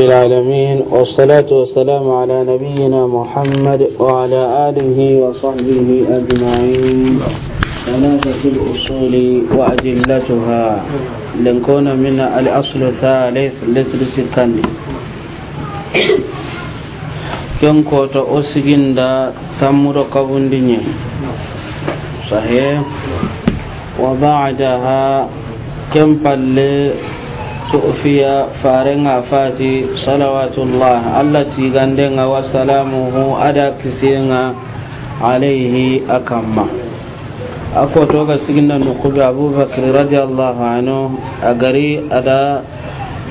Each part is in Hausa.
العالمين والصلاة والسلام على نبينا محمد وعلى آله وصحبه أجمعين ثلاثة الأصول وأدلتها لنكون من الأصل الثالث لسلس الكندي ينكو تأسجن دا تمر دنيا صحيح وبعدها كم فلي تؤفي فارن فاتي صلوات الله التي غندنا وسلامه أدا كسينا عليه أكما أكو توقع سجنا نقول أبو بكر رضي الله عنه أقري أدا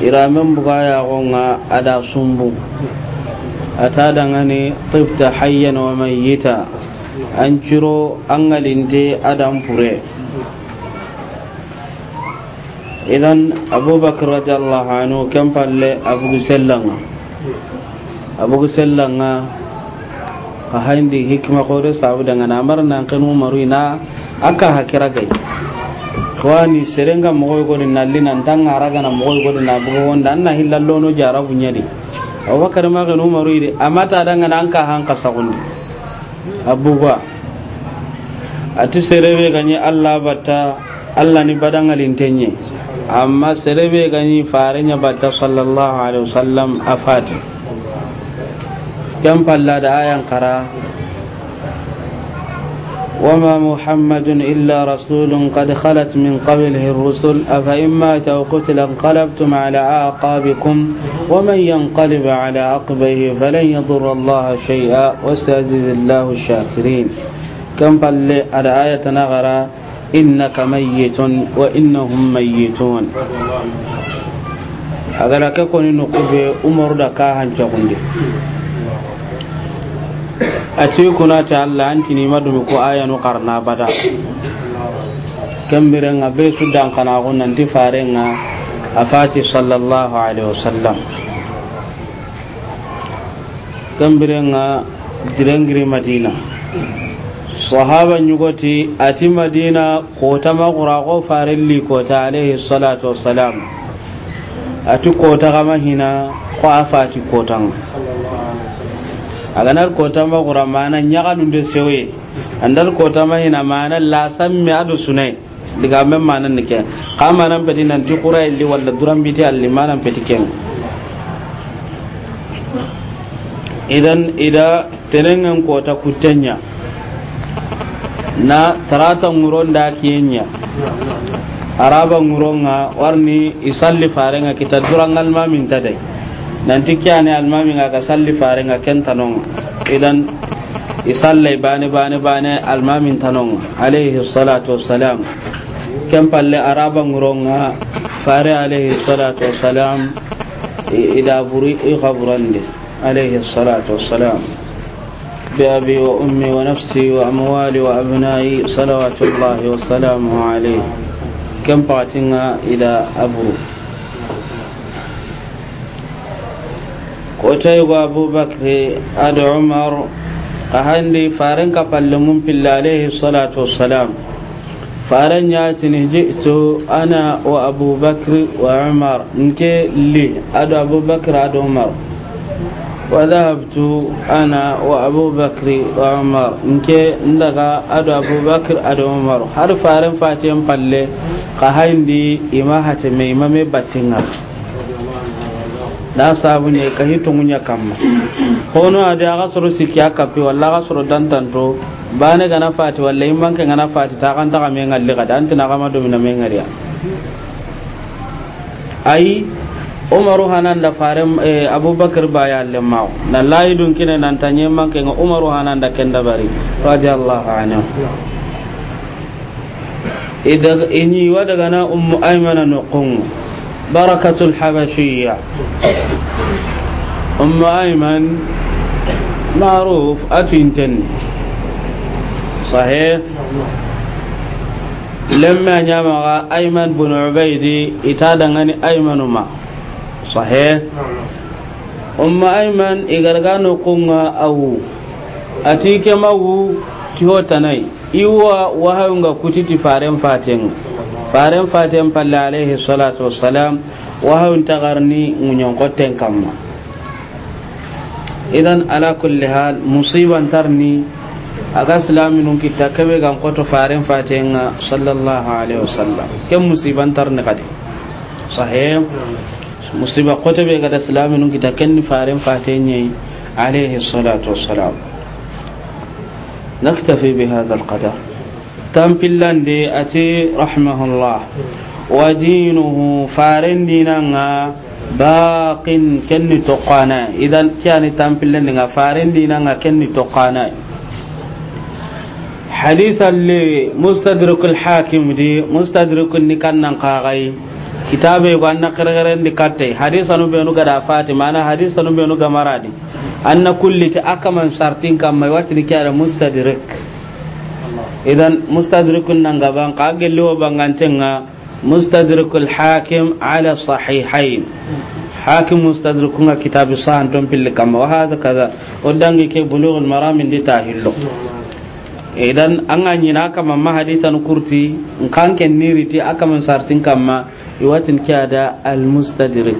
iramin بغايا gonga ada سنبو ata dangane tibta hayyan wa mayyita an ciro an idan abubakar radiyallahu anhu kan falle abugu sellanga abugu sellanga ka haindi hikma ko da sabu daga na nan kan umaru ina aka hakira gai kwani serenga mo ko ni nalli nan tan araga na mo ko na bugo wanda na hillallo no jara bunyadi abubakar ma kan umaru ide amata daga nan ka hanka sagundi abuga atu serebe ganye allah bata allah ni badangalin tenye amma serebe gani farenya batta sallallahu alaihi wasallam afati kan palla da ayan kara وما محمد إلا رسول قد خلت من قبله الرسل أفإن مات أو قتل انقلبتم على أعقابكم ومن ينقلب على عقبيه فلن يضر الله شيئا واستعزز الله الشاكرين كم قال على آية نغرى innaka mayyitun wa innahum mayyitun agara ke koni no kube umaru da ka hanca kunde a ce kuna ta Allah an tini aya no karna bada kambire nga be su dan kana ko nan ti fare nga afati sallallahu alaihi wasallam kambire nga direngri madina sahaba nyugoti ati madina kota magura ko farilli kota alaihi salatu wassalam ati kota kama hina ko afati kota kota magura mana nyaganu de sewe andal kota mahina mana la sammi adu sunai diga men manan nike kama nan nan ti qura illi walla duran biti alli manan ida tenengan kota kutenya na tarata nguron da kenya araba nguron nga warni isalli fare nga kita durang almamin tadai nanti kyane almamin nga ka salli fare nga kenta non idan isalli bane bane bane almamin tanon alaihi salatu wassalam kem palle araba nguron nga fare alaihi salatu wassalam ida buri i khabrande alaihi salatu wassalam بأبي وأمي ونفسي وأموالي وأبنائي صلوات الله وسلامه عليه كم باتنا إلى أبو قتيب أبو بكر أد عمر أهندي فارن كفلمون في الله عليه الصلاة والسلام فارن ياتني جئت أنا وأبو بكر وعمر نكي لي أد أبو بكر أد عمر Wa alaabdu ana wa abu wa umar nke ndaga ado abubakar Adamu Maro haala faarani faatee mpalle haala nii ma haatamee ma mi batte ŋarra. Naa saabu ɲe kahi tungu nya kamma Hooro adii haa soro sikki Sikiya Kappiye walii haa ka Dantanto baana ganna faati waliin maa ganna faati taa kan da'a mee ŋarra deega dee? ma dhoobinna mee ŋarra Ayi. umaru hanan da farin eh, abubakar baya lemma na layi dun kine nan ta man kenga umaru hanan da ken da bari radiyallahu anhu idan inyi wa daga na ummu aymana nuqum barakatul habashiyya ummu ayman ma'ruf atintan sahih lamma nyama ayman bin ubaydi aimanu ma. صحيح أم أيمن إغرغانو قم أو أتيك مو تيوتناي إيوا وهاونغا كتتي فارم فاتن فارم فاتن فالله عليه الصلاة والسلام وهاون تغرني من قتن كما إذن على كل حال مصيبا ترني aga nun kita kabe gan koto faren fatin sallallahu alaihi wasallam ken musiban tarne kadi sahih musiba kota be gada salami nun kita ken faren fatenye alaihi salatu wassalam naktafi bi hadha alqadar tam pillande ati rahmahullah wa dinuhu faren dinanga baqin kenni toqana idan kyani tam pillande nga faren dinanga kenni toqana حديثا لمستدرك الحاكم دي مستدرك نكنا قاغي kitabe ko anna qarqaren di katte hadisa no benu gada fati mana hadisa no benu gamaradi anna kulli ta akaman sartin kam mai wati ni kiyada mustadrik idan mustadrikun nan gaban ka gello bangantin nga mustadrikul hakim ala sahihain hakim mustadrikun ga kitabu an ton pilli kam wa hada kaza odangi ke bulughul maram ndi tahillo idan an ga nyina kama mahadi tan kurti kan ken niriti akaman sartin kama iwatin kada al mustadrik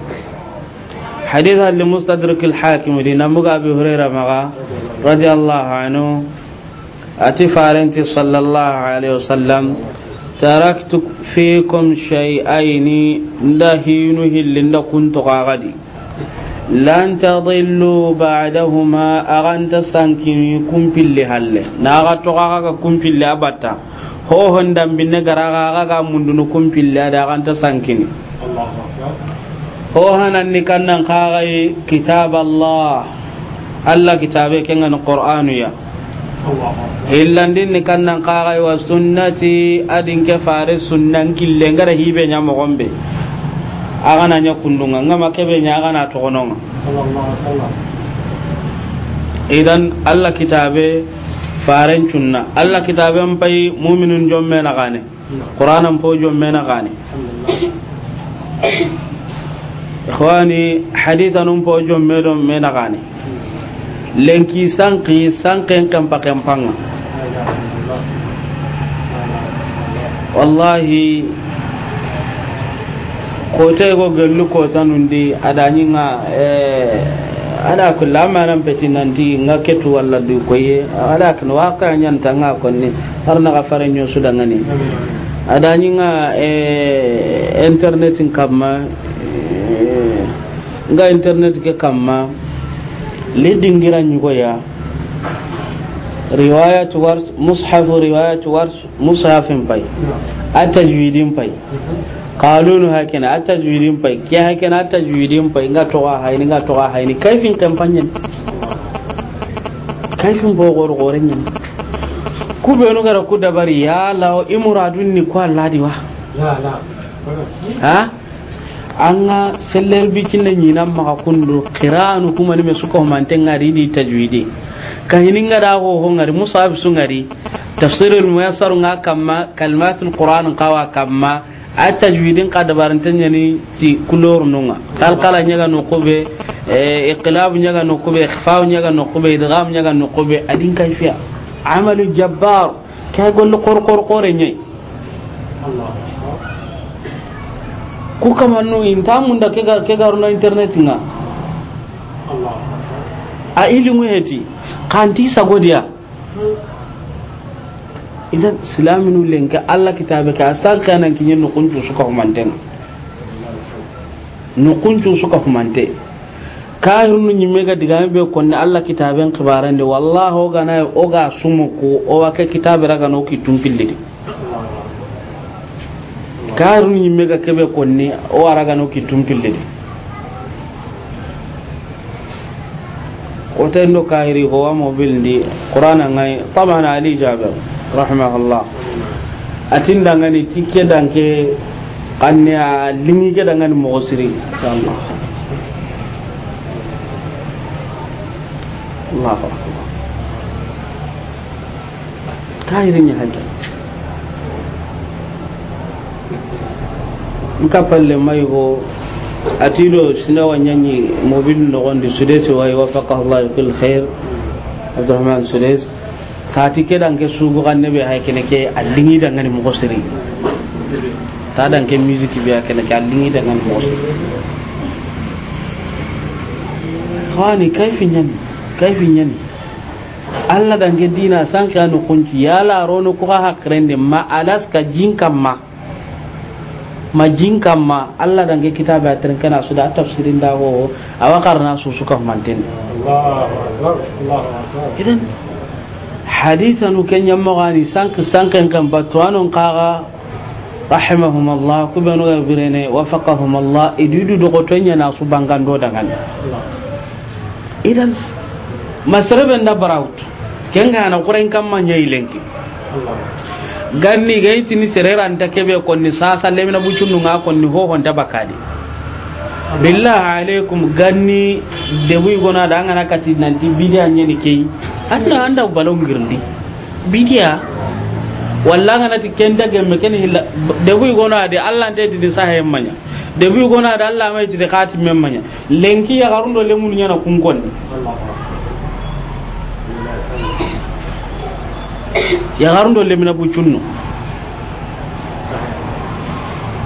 hadith al mustadrik al hakim dina muga abi hurairah maga radiyallahu anhu ati farenti sallallahu alaihi wasallam taraktu fikum shay'aini la hinuhi linda kuntu qagadi lan tadillu ba'dahuma aganta sankini kumpilli halle naga to kaga kumpilli abata ho hondam binne garaga kaga mundunu kumpilli ada aganta sankini ho hanan ni kannan kaga kitab Allah Allah kitabe kengan Qur'anu ya hillandin ni kannan kaga wa sunnati adin ke fare sunnan kille ngara hibe gombe agana nya kundunga ngama kebe nya agana togononga idan allah kitabe faren cunna allah kitabe mpai mu'minun jomme na gane qur'anan po jomme na gane ikhwani hadithan um po jomme do me na gane lenki sanki sanken kampa kampanga wallahi kote go gellu adani nga eh ada kulla manan peti di nga ketu walla du koye ada kan waqa nyanta nga konni arna ga fare nyo suda ngani eh internet in kamma eh, nga internet ke kamma leading li dingira ya riwayat wars mushaf riwayat wars mushafin pay a tajwidin pay qalunu hakina ata juidin pai ke hakina ata juidin pai nga to ha ni nga to ha ni kaifin kampanyen kaifin bo gor goren ni ku be no gara ku dabari ya law imuradun ni ko alladi wa la la ha anga seller bi kin ni nan maka kundu qiranu kuma ni me suka humanten ngari di tajwidi kan hinin ga da ho ngari musab su ngari tafsirul muyassar nga kamma kalmatul qur'an qawa kamma a tajwidin tanya yani ti kulor nunga kalkala nyaga no kube eh, iqlab nyaga no kube ikhfaw nyaga no kube idgham nyaga no kube adin kai fiya amalu jabbar ka gol qor qor qore nyai ku kamannu intamunda ke ga no internet nga a ilimu heti kanti sagodiya hmm. idan silaminu lenke allah kitabe ke a sankananke nukuncu suka humante ga nukuncu suka humante kahirnu ñimme ga digami be konne allah kitaben kibarande wallah oganaye oga sumu ku owake kitabe ragano ki tumpillidi kahirnu ñimme ga kebe konne owa ragano ki tumpillidi otendo kahiri kowa mobil ndi qurana ngai tabana ali jaber rahimahullah atin dangani tike danke kanne a lingi ke dangani mogo siri inshallah Allahu ya hanta palle mai go atido mobil gondi sudesi wa Allah khair Abdurrahman Sudais sati ke dan ke sugu kan ne be hay kene ke allingi dan ngani mo siri ta dan ke music be hay kene ke allingi dan ngani mo siri khani nyani nyani alla dina no kunci ya la rono ko ha krende ma alas ka ma ma ma alla kitabe atren kana su da tafsirin da ho awakarna su manten حديثا nu يمغاني سانك سانك sanken kan قاغا رحمهم الله allah kubenu وفقهم الله إدودو allah idudu بانغان gotonya na su bangando نبراوت idan masraben da barawt kenga na ganni ga itini serera anta kebe ni sasa na bucunnu nga ho honta bakadi billahi alaikum ganni debu gona da ngana kati nanti bidia nyeni kei atra anda balon girdi bidia walla ngana ti kenda gemme ken hilla de bu gona de allah de di sahe manya de bu gona de allah mai di khati manya lenki ya garundo le mun nyana kun kon ya garundo le mina bu chunno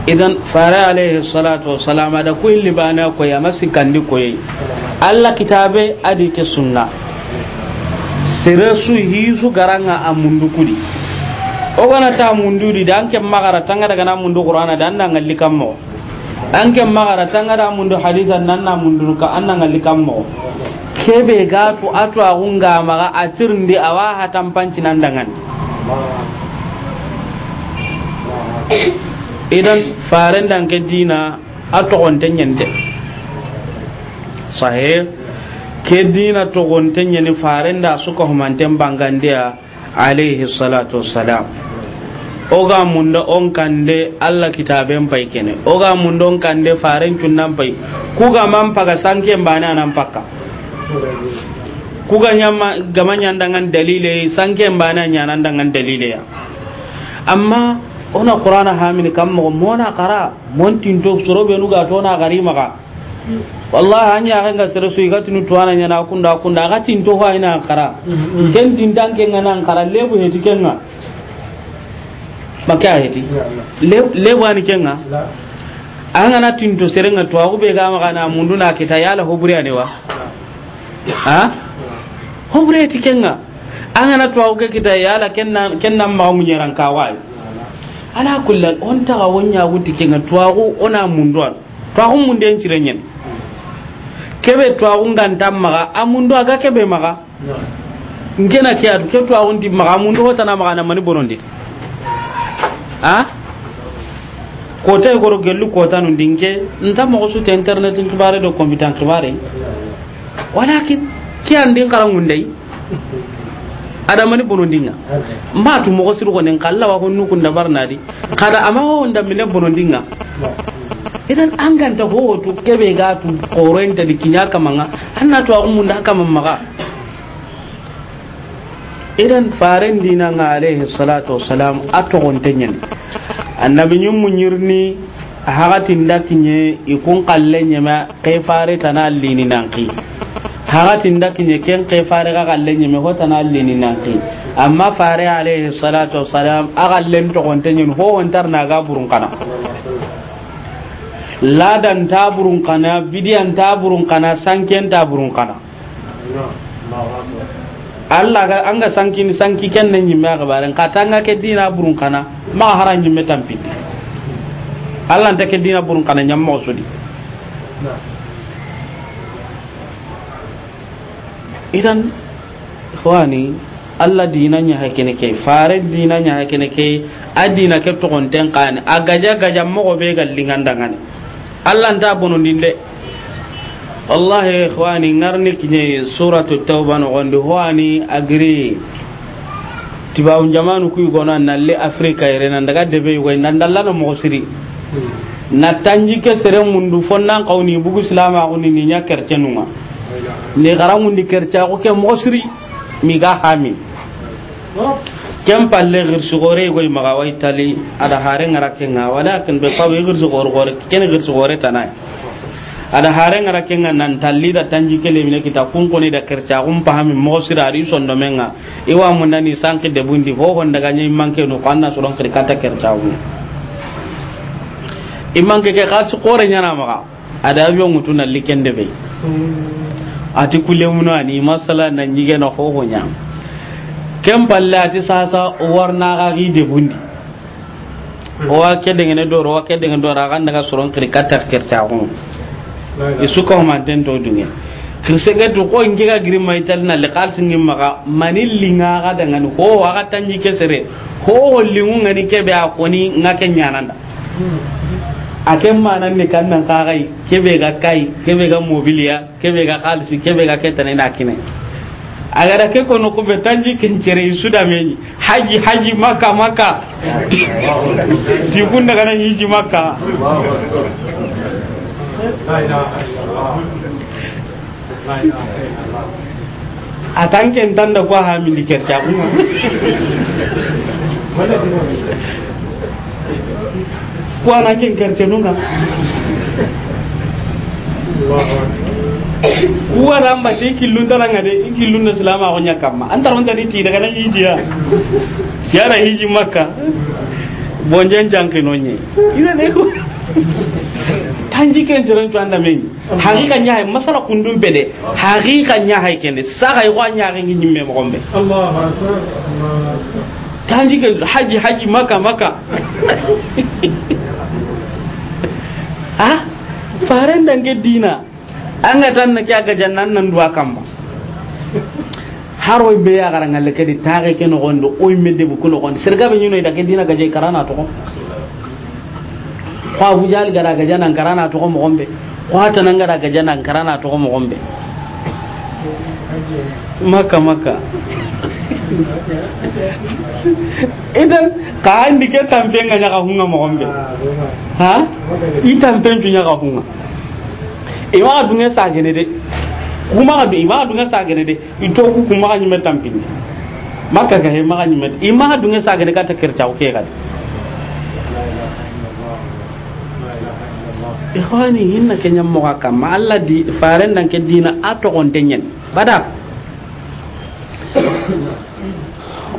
idan fara alayhi salatu wa salam da kulli bana ko ya masikandi yi allah kitabe adike sunna sere su hisu garanga a mundu kudi o gana ta mundu di da anke magara tanga daga na mundu qur'ana da nan ngalli kammo anke magara tanga da mundu hadisa nan na mundu ka anna ngalli kammo kebe gatu atu a hunga maga a atirndi awa hatan panci nan dangan idan faren danke dina a togonte nyente sahih ke dina togonten yani da suka humanten bangandiya alaihi salatu wassalam oga da on kande allah kitaben pai kene oga mun don kande faren nan pai ga man paka sanke mbane anan pakka ga nyama gama dangan dalile sanke mbane nan dangan dalile ya amma ona qur'ana hamini kam mo mona qara mon surobe nu ga to na garima ka wallahi an ya ga sere su igati nu tuana nyana kunda kunda agati nto ho ina ankara mm-hmm. ken tin tanke nan ankara lebu heti kenga makya heti lebu ani kenga angana tinto sere nga tuwa kube ga magana mundu na kita yala hobure wa ha hobure heti kenga angana tuwa ke kita yala ken kenna kenna ma ka kawai ala kullal on ta wonya wuti kenga tuwa ona mundu tuwa mun den cirenyen kebe twaxun gantan maxa a mundo aga kebe maga maxa nkena ke adu ke twaxunti maxa na maga na mani namani bonondit a kota e goro gelu kota nu dinke nta mogo sute internet kibare do computer kibare walakin ke an din karangundai adamani bonondinga mbatu mogo siru ko nen kalla wa ko nukunda barnadi kada ama ho nda mine nga idan an ganta hotu kebe ga tu korenta di kinya kamanga anna to agum munda kamanga idan faren dina nga a salatu wassalam atogon tenyen mu nyum munyirni hagati ndakinye ikun kalle nyema kai fare tana lini nanki hagati ndakinye ken kai fare ga kalle nyema ho tana lini amma fare alaihi salatu wassalam agallen to gontenyen ho wontar na ga burun ladan taburun kana bidiyan taburun kana sanken taburun kana Allah ga an ga sanki ni sanki ken nan yimme ga ka tanga ke dina burun kana ma haran yimme tampi Allah ta ke dina burun kana nyam mo sudi idan ikhwani Allah dina nya hakene ke fare dina nya hakene ke adina ke to gonten kan agaja gaja mo be gallingan dangane allah nta bonondin de ya ikhwani ngarni kinye suratu tauba no gondi nogondi agri tiba un jamanu kuyi gona nalle afrika yere nan daga debe yugoy nan no mo siri hmm. na tanji ke sere mundu fonnan qawni bugu silama kuni ni nya kertenuma ni garamu ni garamundi ko ke mo siri mi ga hami kem palle gir sugore goy magawai tali ada hare ngarake nga walakin be pawe gir sugore gore ken gir sugore tanai ada hare ngarake nga nan tali da tanji kele mine kita kun kone da kerca gum pahami mo sirari sondo menga iwa munani sanki de bundi ho hon daga nyi manke no kanna suron kirkata kerca wu imman ke ke kasu kore nyana maga ada yo mutuna likende be hmm. ati kule munani masala nan yige no ho ho nyama ken pallati sasa warnaxa xi debundi hmm. owa ke dengene doro owa ke dengene doro axan daga soron xiri katar kercaxun i suka humanten to dunge kirsegetu ko nkega girimma italina liqal singin maxa mani lingaxa dangani ho waxa tanji ke sere ho ni ngani kebe a koni nga ke ñananda hmm. a ken manan ni kan nan kaxay kebe ga ke kebe ga mobiliya kebe ga xalisi kebe ga ketanena kine. agara ke kono kube tanji kencere da meni haji haji maka maka tikun daga nan hiji maka a tanken tan da kwa hamili kerta kwa na kin kerta nuna wara ma ti killu taranga de killu na salama ko nya kamma antar on tadi ti daga na hijiya yara hiji ah. makka bonjen jangke no nye ina ne ko tanji ken jiran to anda men hakika nya hay masala kundu bede hakika nya hay ken sa hay ko nya ngi nyimme mo gombe allah akbar tanji ken haji haji makka makka ha ah? faran dange dina an ga tan na kya ga jannan nan duwa kan ba haro be ya garan alle ke di tare ke no gondo o me de bu ko no gondo sirga be nyino da ke dina ga je karana to ko ko abu jal gara ga janan karana to ko mo gombe ko hata nan gara ga janan karana to ko mo gombe maka maka idan ka andi ke tampe nga nya hunga mo gombe ha i tampe nya ka hunga e ma dunga gene de kuma ga be ma dunga gene de ito ku kuma ga nyimen mpini maka ga he ma ga nyimen e ma dunga sa gene ka ta kirta o ke ga ikhwani hinna kenya mo ka ma alla di faren dan ke dina ato on tenyen badak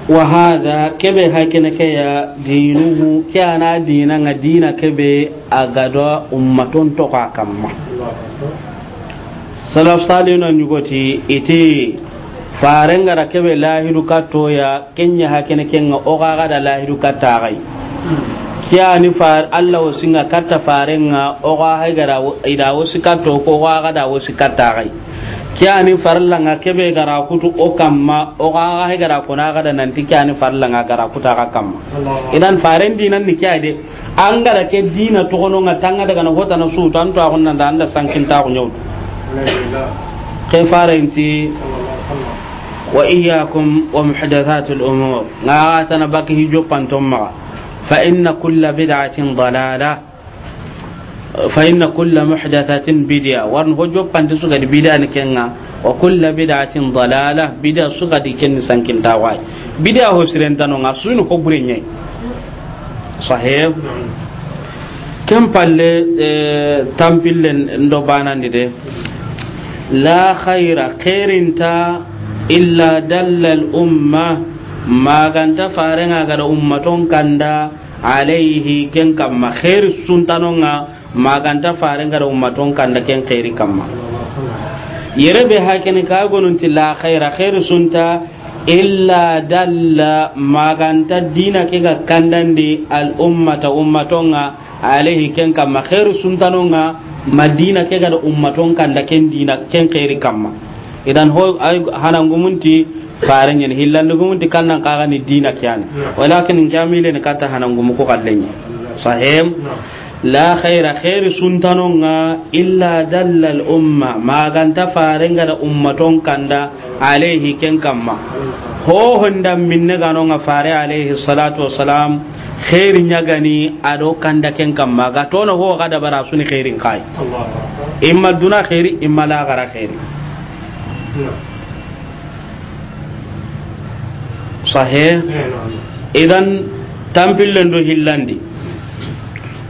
wa hada kebe hakina ke ya dinuhu ke ana dina nga dina kebe agado ummaton to ka kamma salaf salih na nyugoti iti farenga ra kebe lahidu kato ya kenya hakina ke nga ogaga da lahidu kata gai kiya ni far Allah wasinga kata farenga oga haigara ida wasi kato ko waga da wasi kata gai Kyani ani farla nga kebe gara kutu o kamma o ga ga gara kona ga dan ti ke ani farla nga gara kuta ga kamma idan faren dinan ni ke ade an gara ke dina to gono nga tanga daga na hota na su to an to agun nan da anda sankin ta gunyo ke faren ti wa iyyakum wa muhdathatil umur nga ta na baki hijo pantomma fa inna kulla bid'atin dalalah fa inna kulla muhdathatin bid'a warn hojo pande suga di bid'a ni kenga wa kulla bid'atin dalalah bid'a suga di kenni sankin tawai bid'a ho siren tano nga sunu ko bure nyai sahib kam palle e, tampille ndo banandi de la khaira khairinta illa dalla al umma maganta farenga gara ummaton kanda alaihi ken kamma khair suntanonga maganta farin gara ummaton kan da ken khairi kamma yere be hakene ka gonun tilla khaira khairu sunta illa dalla maganta dina ke ga kandandi al ummata ummatonga alaihi ken kamma khairu nga madina ke ga ummaton kan da ken dina ken khairi kamma idan ho hanan gumunti farin yin hillan gumunti kannan kaga ni dina kyan walakin jamile ne kata hanan gumu ko kallenye sahem la khaira khairu suntanonga illa dalla al umma maganta farenga da ummaton kanda alaihi ken kamma ho honda minne ganonga fare alaihi salatu wassalam khairi nyagani ado kanda ken kamma ga tono ho ga da bara suni khairin kai imma duna khairi imma la gara khairi sahih idan tampillen do hillandi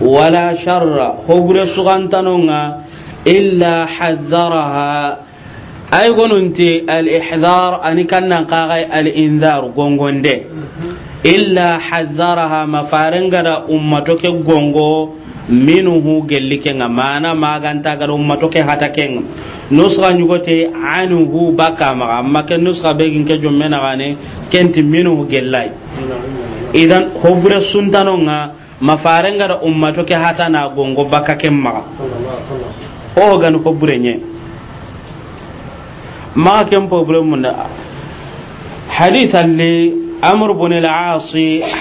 wala sharra hogure sugantanonga illa hadzaraha ay gonunti al-ihdar ani kannan qaga al-inzar gongonde ma hadzaraha mafarengara ummato ke gongo minhu gelli kenga mana maganta gar ummato ke hata ken nusra nyugote anhu baka ma amma ke nusra begin ke jommena gane kenti minhu gellai idan hobure suntanonga mafarenga da ummato ke hata na gongo baka kemma oga ganu ko burenye ma kem problem mun hadith alli amr ibn al-aas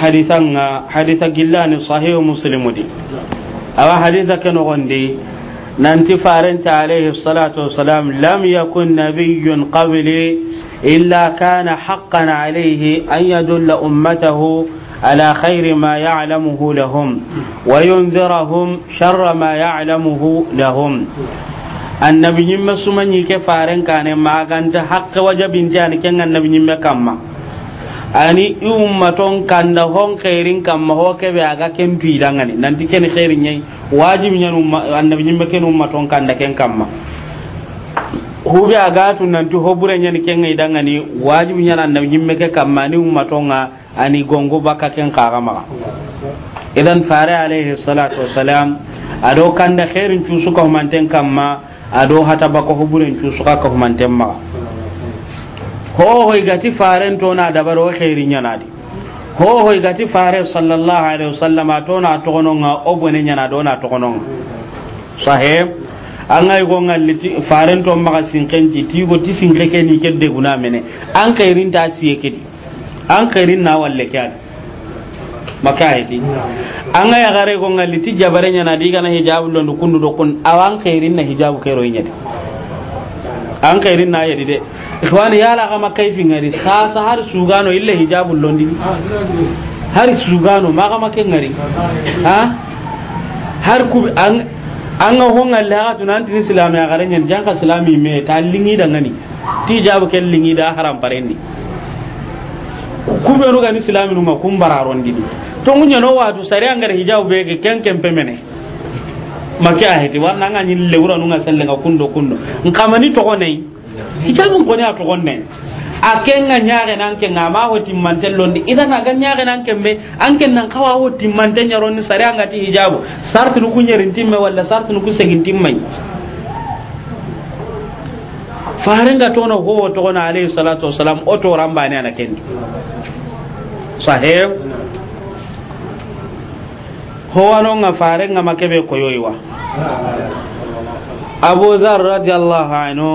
hadithanga haditha gillaani sahih muslim di awa haditha kan gondi nanti faranta alayhi salatu wassalam lam yakun nabiyyun qabli illa kaana haqqan alayhi an yadulla ummatahu على خير ما يعلمه لهم وينذرهم شر ما يعلمه لهم annabi ñimme sumañi ke faren kane maganta hakke wajabinti ani ken annabi ñimme kamma ani i ummaton kanda hon khairin kamma ho kebe ga ken tuidangani nanti ken khairin ñayi wajibi ñani annabi ñimme ken ummaton kanda ken kamma hube a gatu nanti hobure ñani kenga idangani wajibu ñana annabi ñimme ke kamma ani ummatonga ani gongu bakka ken kagamaga idan fare alayhi salatu wasalam ado kanda herin cusu ka humanten kamma ado hata bako huburen cusu ka ka humanten maga hohoy gati faren tona dabaro heri ñanadi hohoy gati fare sallallahu alaihi wasallam atona tononga obone ñana dona tononga sahib an ga go ngalli faren to maka sinkenci ti go ti sinke ke ni de guna mene an kairin ta siye kedi an kairin na walle kyan maka ti an ga gare ko ngalli ti jabare nya na diga na hijabu don kundu do kun awan kairin na hijabu kairo nyade an kairin na yadi de ikhwani la ga fi ngari sa sa har gano illa hijabu londi har ma maga maken ngari ha har ku an an ga honga laga tunan tin islami a garin yan janka islami me ta lingi da ngani ti jabu ken lingi da haram parendi kube ruga ni islami numa kun bararon didi to munya no wadu sare an gar hijabu be ke ken ken pemene maki a heti wannan an yin lewura nunga selle nga kundo kundo nkamani to gonai hijabu ko ne a to gonai a kenga nyaare nan ken kenga ma ho timmantel londi na aga nyaare nan ken kembe an ken nan kawa ho timmantel ni sare anga ti hijabu sartu ku nyerin timme walla sartu ku segin timmai farenga tono to na alayhi salatu wassalam o to ramba ne ana ken sahib ho wano nga howanonga farenga makebe koyoyiwa abu dhar radiallahu anhu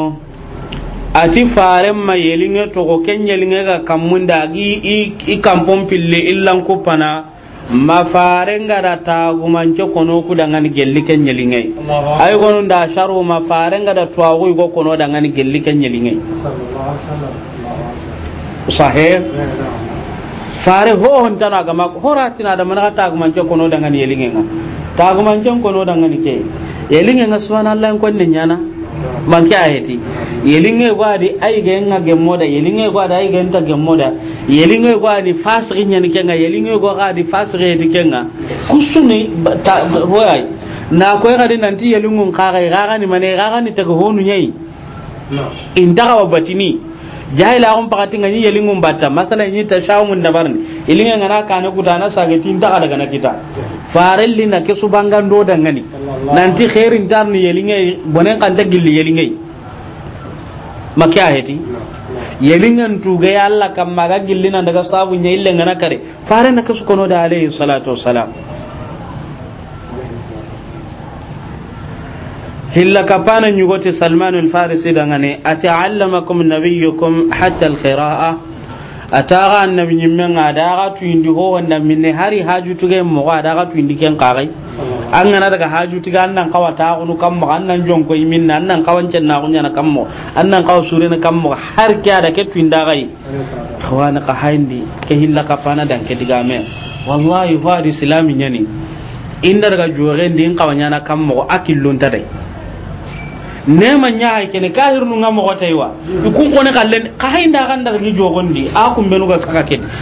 ati faren ma yelinge togo ken yelinge ga kammun da i i i kampon fille illan ku pana ma faren ga da ta guman ke kono ku da ngani gelli ken yelinge ay gonu da sharu ma faren ga da tuwa ku go kono da ngani gelli ken yelinge sahih eh, fare eh, eh. ho hon tana ga ma hora tina da mana ta guman ke kono da ngani yelinge ta guman ke kono da ngani ke yelinge ngaswana Allah en kon ne nyana maki ayeti yelinge gwadi aige nga gemmoda yelinge gwadi aige nta gemmoda yelinge gwadi fasri nyani kenga yelinge gwadi fasri eti kenga kusuni hoyai na koy gadi nanti yelungun kaga gaga ni mane gaga ni tago honu nyai indaga wabatini jahila on pakati ngani yelingum batta masala ni ta da barni ilinga ngana kana kutana sagati nta daga na kita farelli na ke subangan do dangani nanti khairin tarni ngai bonen kan ta gilli ngai makya heti yelingan tuga ya Allah kan maga gilli na daga sabu nya ille ngana kare fare na kasu kono da alayhi salatu wassalam hilla kapana nyugoti salman alfarisi dangane ata'allamakum nabiyyukum hatta alqira'a ataga annabi nyimmen adaga tuindi ho wanda minne hari haju tuge mo adaga tuindi ken qari an gana daga haju tuga annan kawa ta kunu mo annan jonko minna annan cen na kunya na mo annan kawa sure na mo har kya da ke tuinda gai khawana ka haindi ke hilla kapana dan ke diga me wallahi fa islami nyani inda daga jogen din kawanya na mo akil lunta dai neman ya haike ne kahir nun ga mako taiwa ikun ko ne kallen ka hainda kan daga ni di a kun benu ga saka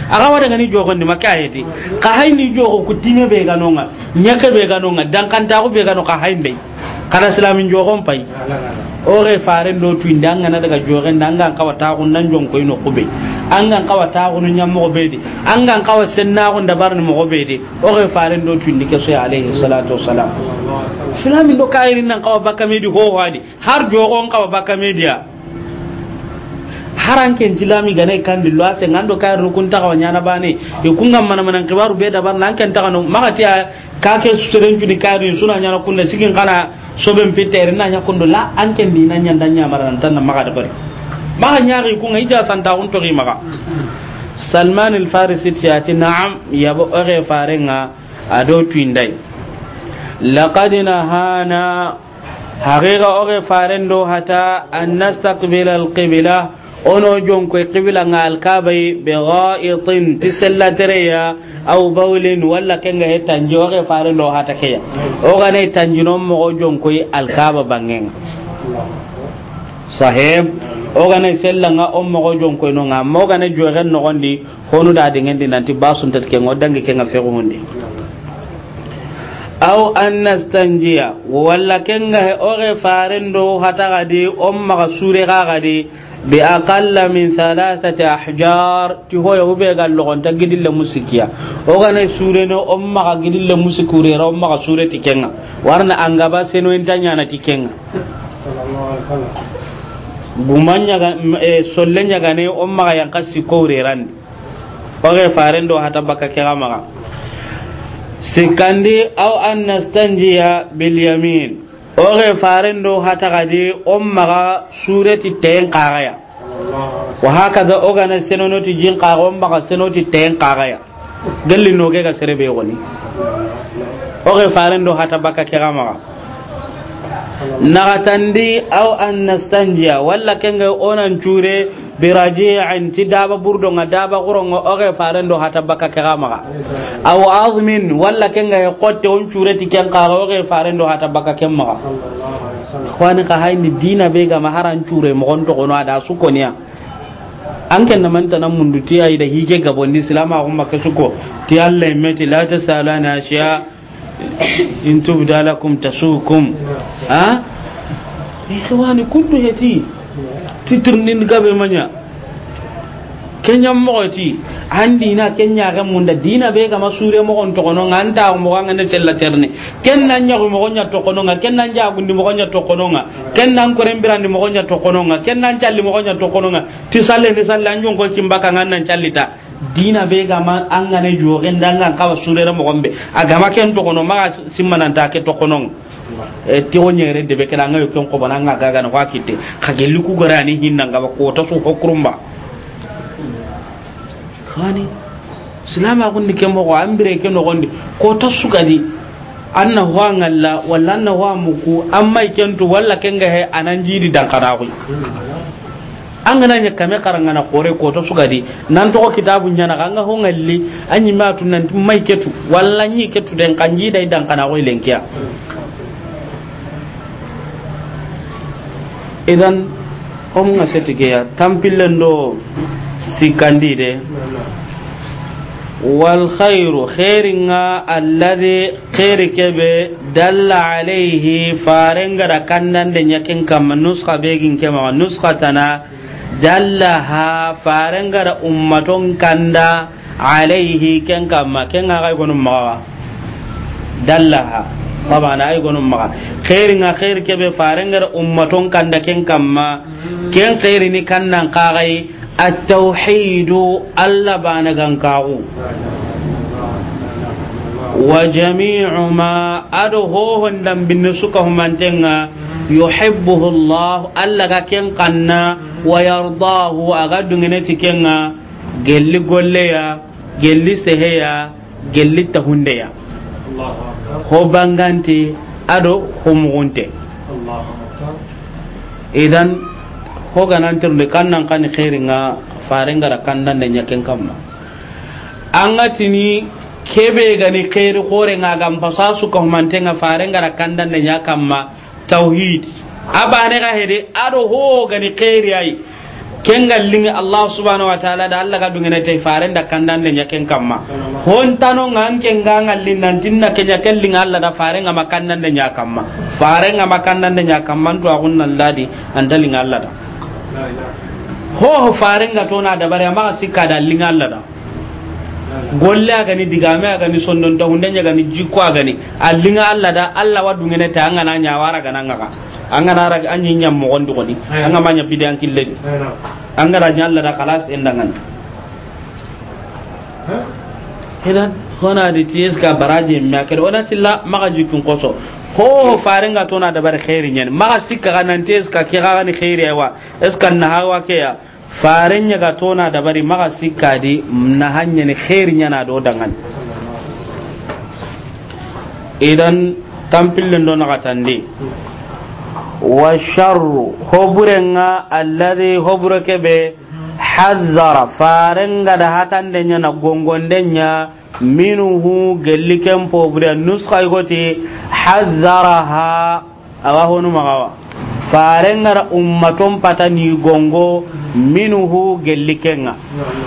a ga wada ni di maka yete ka haini jogo ku time be ga nonga nyaka be ga nonga dan kan ta ku be ga no ka be kana salamin jogon pai ore no do tuinda ngana daga jogen dan ka wata kun nan jon koy ku kube an gan kawa ta gunun yan mo bedi an gan kawa sen na gun dabar ni mo bedi o ga faran do tun dike so alaihi salatu wassalam islamin do kairin nan kawa baka medi ho wadi har jogon kawa baka media haran ken jilami gane kan dillo ase ngando kay kun ta kawanya na bane kun kunga mana mana kibaru be da ban lanken ta kanu maka tiya ka ke suren judi kari suna nya na kunna sigin kana soben pitere na nya do la an ken dinan nya danya maran tan na maka da ma nyaari ku ngai ja santa on to maka salman al farisi tiyati na'am ya bo ore farenga ado tuindai laqad nahana haqiqa ore farendo hata an nastaqbila al qibla ono qibla bi ghaitin aw bawlin kenga hata o tanjino mo al sahib ogana sellanga on mogo jonkoynonga mogana no gondi honu da ngendi nanti ke kenga ke nga kenga fexuhundi aw an nastanjiya walla kenga he oxe farendo o on ga sure gadi bi aqalla min thalathati ahjar ti hoya hube ta logonta le musikiya o gane sure no ga maxa le musikure ra on ga sure ti kenga warna angaba seno intanyana ti kenga gumanya eh, sollenya gane on maga yang kasi ko reran oge faren do hata bakka kira maga sikandi aw an nastanjiya bil yamin oge faaren do hata gadi on maga ti ten qaraya wa hakaza ogana senonoti jin qara on maga senoti ten qaraya galli noge ga serebe goni oge faren do hata bakka kira maga nagatandi aw an nastanjiya walla kenga onan cure biraji'in ti daba burdo nga daba nga oge farendo hata baka kaga maga aw azmin walla kenga ya qotte on cure ti ken kaga oge farendo hata baka ken maga khwani ka hayni dina be ga maharan cure mo gon ada sukoniya an ken na manta na mundu tiyayi da hige gabon islam a kuma kasuko ti Allah meti la tasalana in tubda lakum tasukum ha ikhwani kuntu heti titirnin gabe manya kenya mogoti andi na kenya ga munda dina be ga masure mo on tokono nganta mo ga ngane sella terne ken nan nya mo gonya tokono nga ken nan ja gundi mo gonya tokono nga ken nan ko rembira ndi mo gonya tokono nga ken nan jalli mo gonya tokono nga ti salle ni salle anjon ko kimbaka ngan nan challita dina be ga an gane ne dan ga ka sure ra mo gombe aga ma ken to kono ma simmanan ta ke to kono e te o re de be kana ken ko bana ga ga na kwakite ka gelu ku garani hinna ga ko to so hokurumba kani silama gunni ke mo an bire ke no gondi ko to gadi anna huwa ngalla walla anna huwa muku amma ikentu walla ga he anan jidi dan kadawi an gana nya kame karangana kore ko to sugadi nan to kitabu nya na kanga ho ngalli anyi ma tun nan mai ketu walla nyi ketu den kanji dai dan kana ko lenkiya idan om na seti ke ya tampilendo do sikandi de wal khairu khairin nga alladhi khairi kebe dalla alaihi farenga da kannan da nyakin kam nuskha begin kema nuskha tana jallaha farengara ummaton kanda alaihi ken kama ken ga gonum dalla ha baba na ai gonum ma khair nga khair ke be farengar ummaton kanda ken kama ken khair ni kannan qagai at-tauhid alla bana gan kawo wa jami'u ma adu ho hon dam bin suka humantenga yuhibbuhu Allah Allah ga ken kanna wa yardahu aga dungene tikenga gelli golleya gelli seheya gelli tahundeya ho banganti ado humugunte idan ho ganantir ni kannan kan khairinga farenga ra kannan da nyaken kamma an gatini kebe gani khairi hore nga gam fasasu ko mantenga farenga ra kannan da nyakamma tauhid aba ne ga hede ado ho ga ni khairi ai ken gallin Allah subhanahu wa ta'ala da Allah ga dungene tay faren da kandan da nyaken kamma hon tano ngan ken ga ngallin nan tinna ken nyaken lin Allah da faren ga makannan da nyakamma faren ga makannan da nyakamman to agun nan ladi andalin Allah da ho ho faren ga tona da bare amma sikka da lin Allah da golle a gani digame a gani sondon ta hunde nya gani jikko a gani allinga alla da alla wa dungene ta an nya wara gana ngaka an ra anyi an nyam mo gondi goni an ga bide an kille an gana nya Allah da khalas endangan idan khona di tis ka baraje mi akere ona tilla maga jikun koso ko faringa tona da bar khairi nyen maga sikka ga nan tiyes ka ki ga ni khairi wa es na hawa ke ya faren ga tona da bari magasi kadi na hanya ne khairin yana da dangan idan tampilin don naka tande wa sharru hoburen ga alladhi ke kebe hazzara faren ga da hatan da na gongon denya minuhu gelliken pobure nuska igoti hazzaraha ha awahonu magawa faren ga ummaton patani gongo minhu gellikenga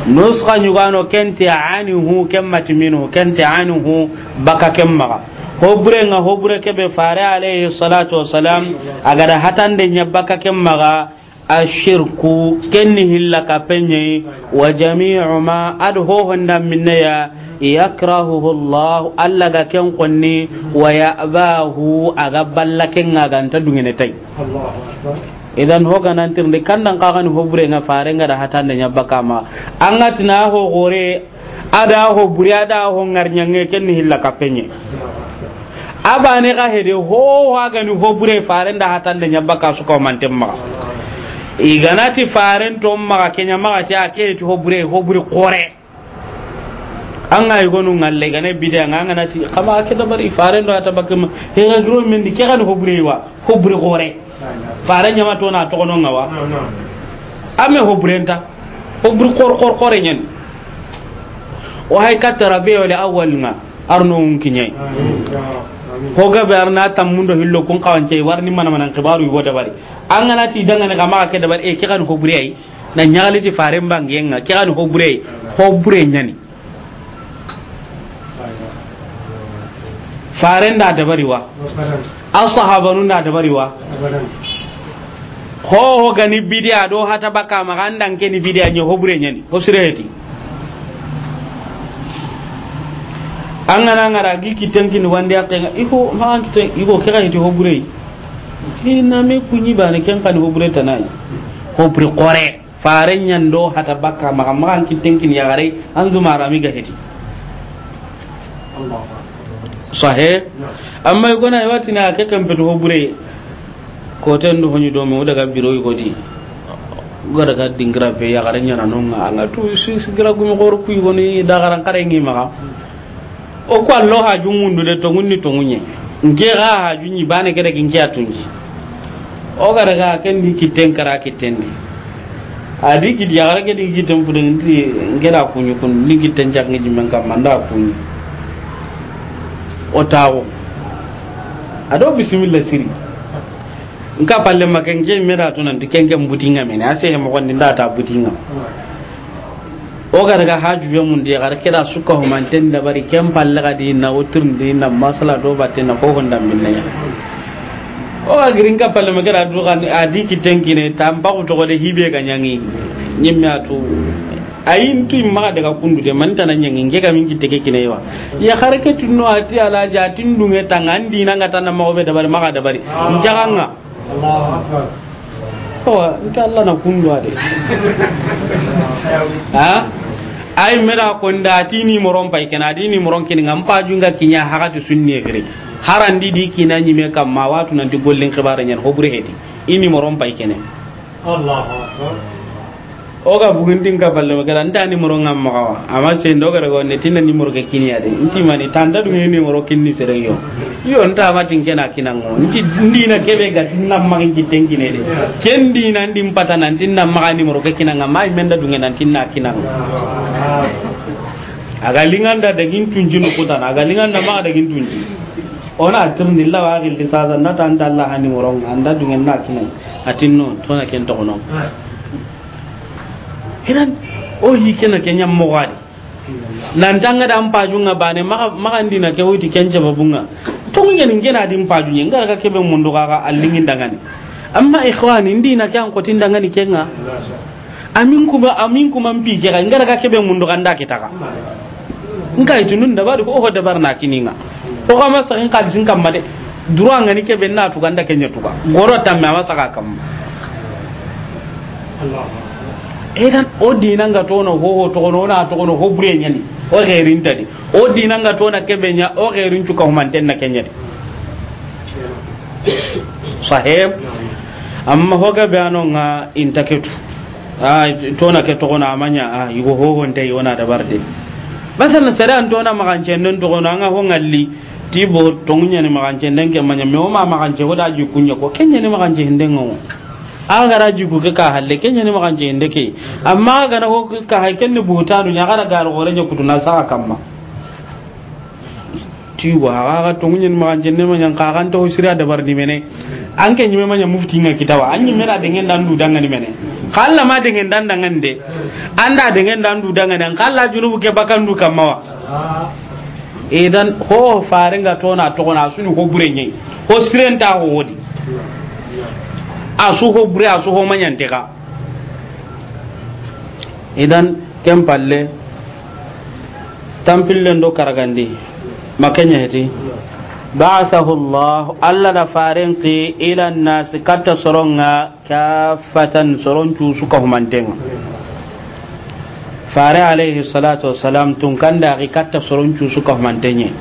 nuska nyugano kente anihu kemmati minhu kente anihu baka kemmaga hobure nga hobure kebe fare alayhi salatu wassalam agada hatande nyabaka kemmaga ashirku kenni hilla ka penye wa jami'u ma ad honda minneya yakrahuhu Allah alla ga ken konni wa ya'bahu aga balla ken ga ganta dungene tai idan hoga nan tirni kannan kagan hobure nga fare nga da hatan da nyabba kama anga tina ho gore ada ho buri ada ho ngar nyange ken ni hilla kapenye ne ka hede ho haga ni hobure fare da hatan da nyabba ka su ko na iganati faren to maga kenya maga ta ke bure, hobure hobure kore an ga igonu ngalle gane bidia nga ngana ti kama ke da bari faren do ata bakama he ga gro min di ke ho hobure wa hobure kore fare nyama to na togono ngawa ame ho burenta ho bur kor kor kor nyen o hay katara be wala awwal nga arno unkinye ho gabe arna tammundo hillo kun wari warni mana mana kibaru yugo dabari an gana ti dangane kama ka dabari e eh, kikan ho buriyai na nyagali ti fare nga kikan ho buriyai ho bure nyani faren da dabari wa aw sahabanu na da bariwa ho ho gani bidiya do hata baka magandan ke ni bidiya an ya iko ma an iko ni na me kunyi ken kan kore faren do hata baka ya gare an zuma rami ga heti Allah sahe amma e e na iwatina ake kampetu ko bure koten do yi domin wadda ga biro yi e kodi gara ga dingra be ya garan yana a nga anga su su gira gumi gor ku yi goni da garan kare yi maka o ko allo ha wundu da to ni to ngunye nke ga ha junyi bane kede kinke atunji o gara ga kan ni kiten kara kiten di. A kidi ya gara ke di kiten pudin ti ngeda kunyu kun ni kiten jakin ngi jimen kam manda kunyu o taxu ado bisimilla siri nka palle ma ken ke meda to nanti ken ken butinga mene ase he mo ndi ndata butinga o gara ga haju be mun de gar kira suka ho man ten da bari kem palle ga di na otur ndi na masala do batte na ko honda minne ya o ga girin ka palle ma gara du ga adi kiten kine tam ba ko to de hibe ga nyangi nyimya tu. ayin tu imma daga kundu de man tanan yang nge ga min kitte ke kinewa ya harake tunno ati ala ja tindu nge tangan dina ngata na ma obe dabari maka dabari njaganga to nta Allah na kundu ade ha ay mera konda tini moron pai kana dini moron kin ngam pajunga kinya hakatu sunni gre harandi di kina nyime kam ma watu nan di gollin khibara nyen hobure heti ini moron pai kene Allahu akbar oga buguntin ka balle bagala nta ni moro ngam makawa ama sen do gara gonne tinna ni moro ke kinya de inti mani tanda dum ni moro kinni sere yo yo nta ma tin kena kinango inti ndina kebe ga ma magi kitengi ne de ken dina ndim pata nan tinna ma ni moro ke kinanga mai menda dunga nan tinna kinango aga linganda da gintun jinu kutan aga linganda ma da gintun jinu ona tirni la wa gilli sasa nata anda Allah hani moro anda dunga na kinan atin to na ken to kono kiran o oh, hi kena kenya mogadi nan tanga da nga bane maka ndina ke wuti kenje babunga to ngene ngena di nga ngara ka kebe mundu ka alingi ndangani amma ikhwani ndina ke an kotin dangani kenga amin kuma amin kuma mpi ke ngara ka kebe mundu nda kitaka nka nun da bari ko ho da barna kininga ko kama sahin kadisin kamma de dura ngani kebe na tuganda kenya tuka goro tamma masa ka kam Allah edan o dina dinanga tono no na to no ho bure ñani o gherin xeerintadi o dina dinanga tona keɓe nya o gherin xeerin ho manten na keñadi sahib amma ho ga anonga nga intaketu a ah, tona ke ah, to na amanya a yugo hohonte yona dabarde masalan sada an nan to na nga ho ngalli tibo tongnya ni tonguñani nan ke manya me o ma ho da ji kunya ko kenya ni kenñani magance ngo agara jigu ke ka halle a ni makan jende ke amma ko ka haken ni nya gara gar gore nya kutuna kamma to makan ma nyang kakan to sira da bar ni mene an ke nyime ma mufti nga kitawa an nyime da dengen dan du dangani mene kala ma dengen dan anda dengen dan du kala junubu ke bakan du kamma wa idan ho faringa sunu ko burenye ko sirenta ho wodi asuho bure asuho tega idan ken palle tampillen do karagandi makenya heti ba'athahu Allah Allah da farin ki ila nas katta soronga kafatan soron cu suka humanten fare alaihi salatu wassalam tun kan da katta soron cu suka humantenye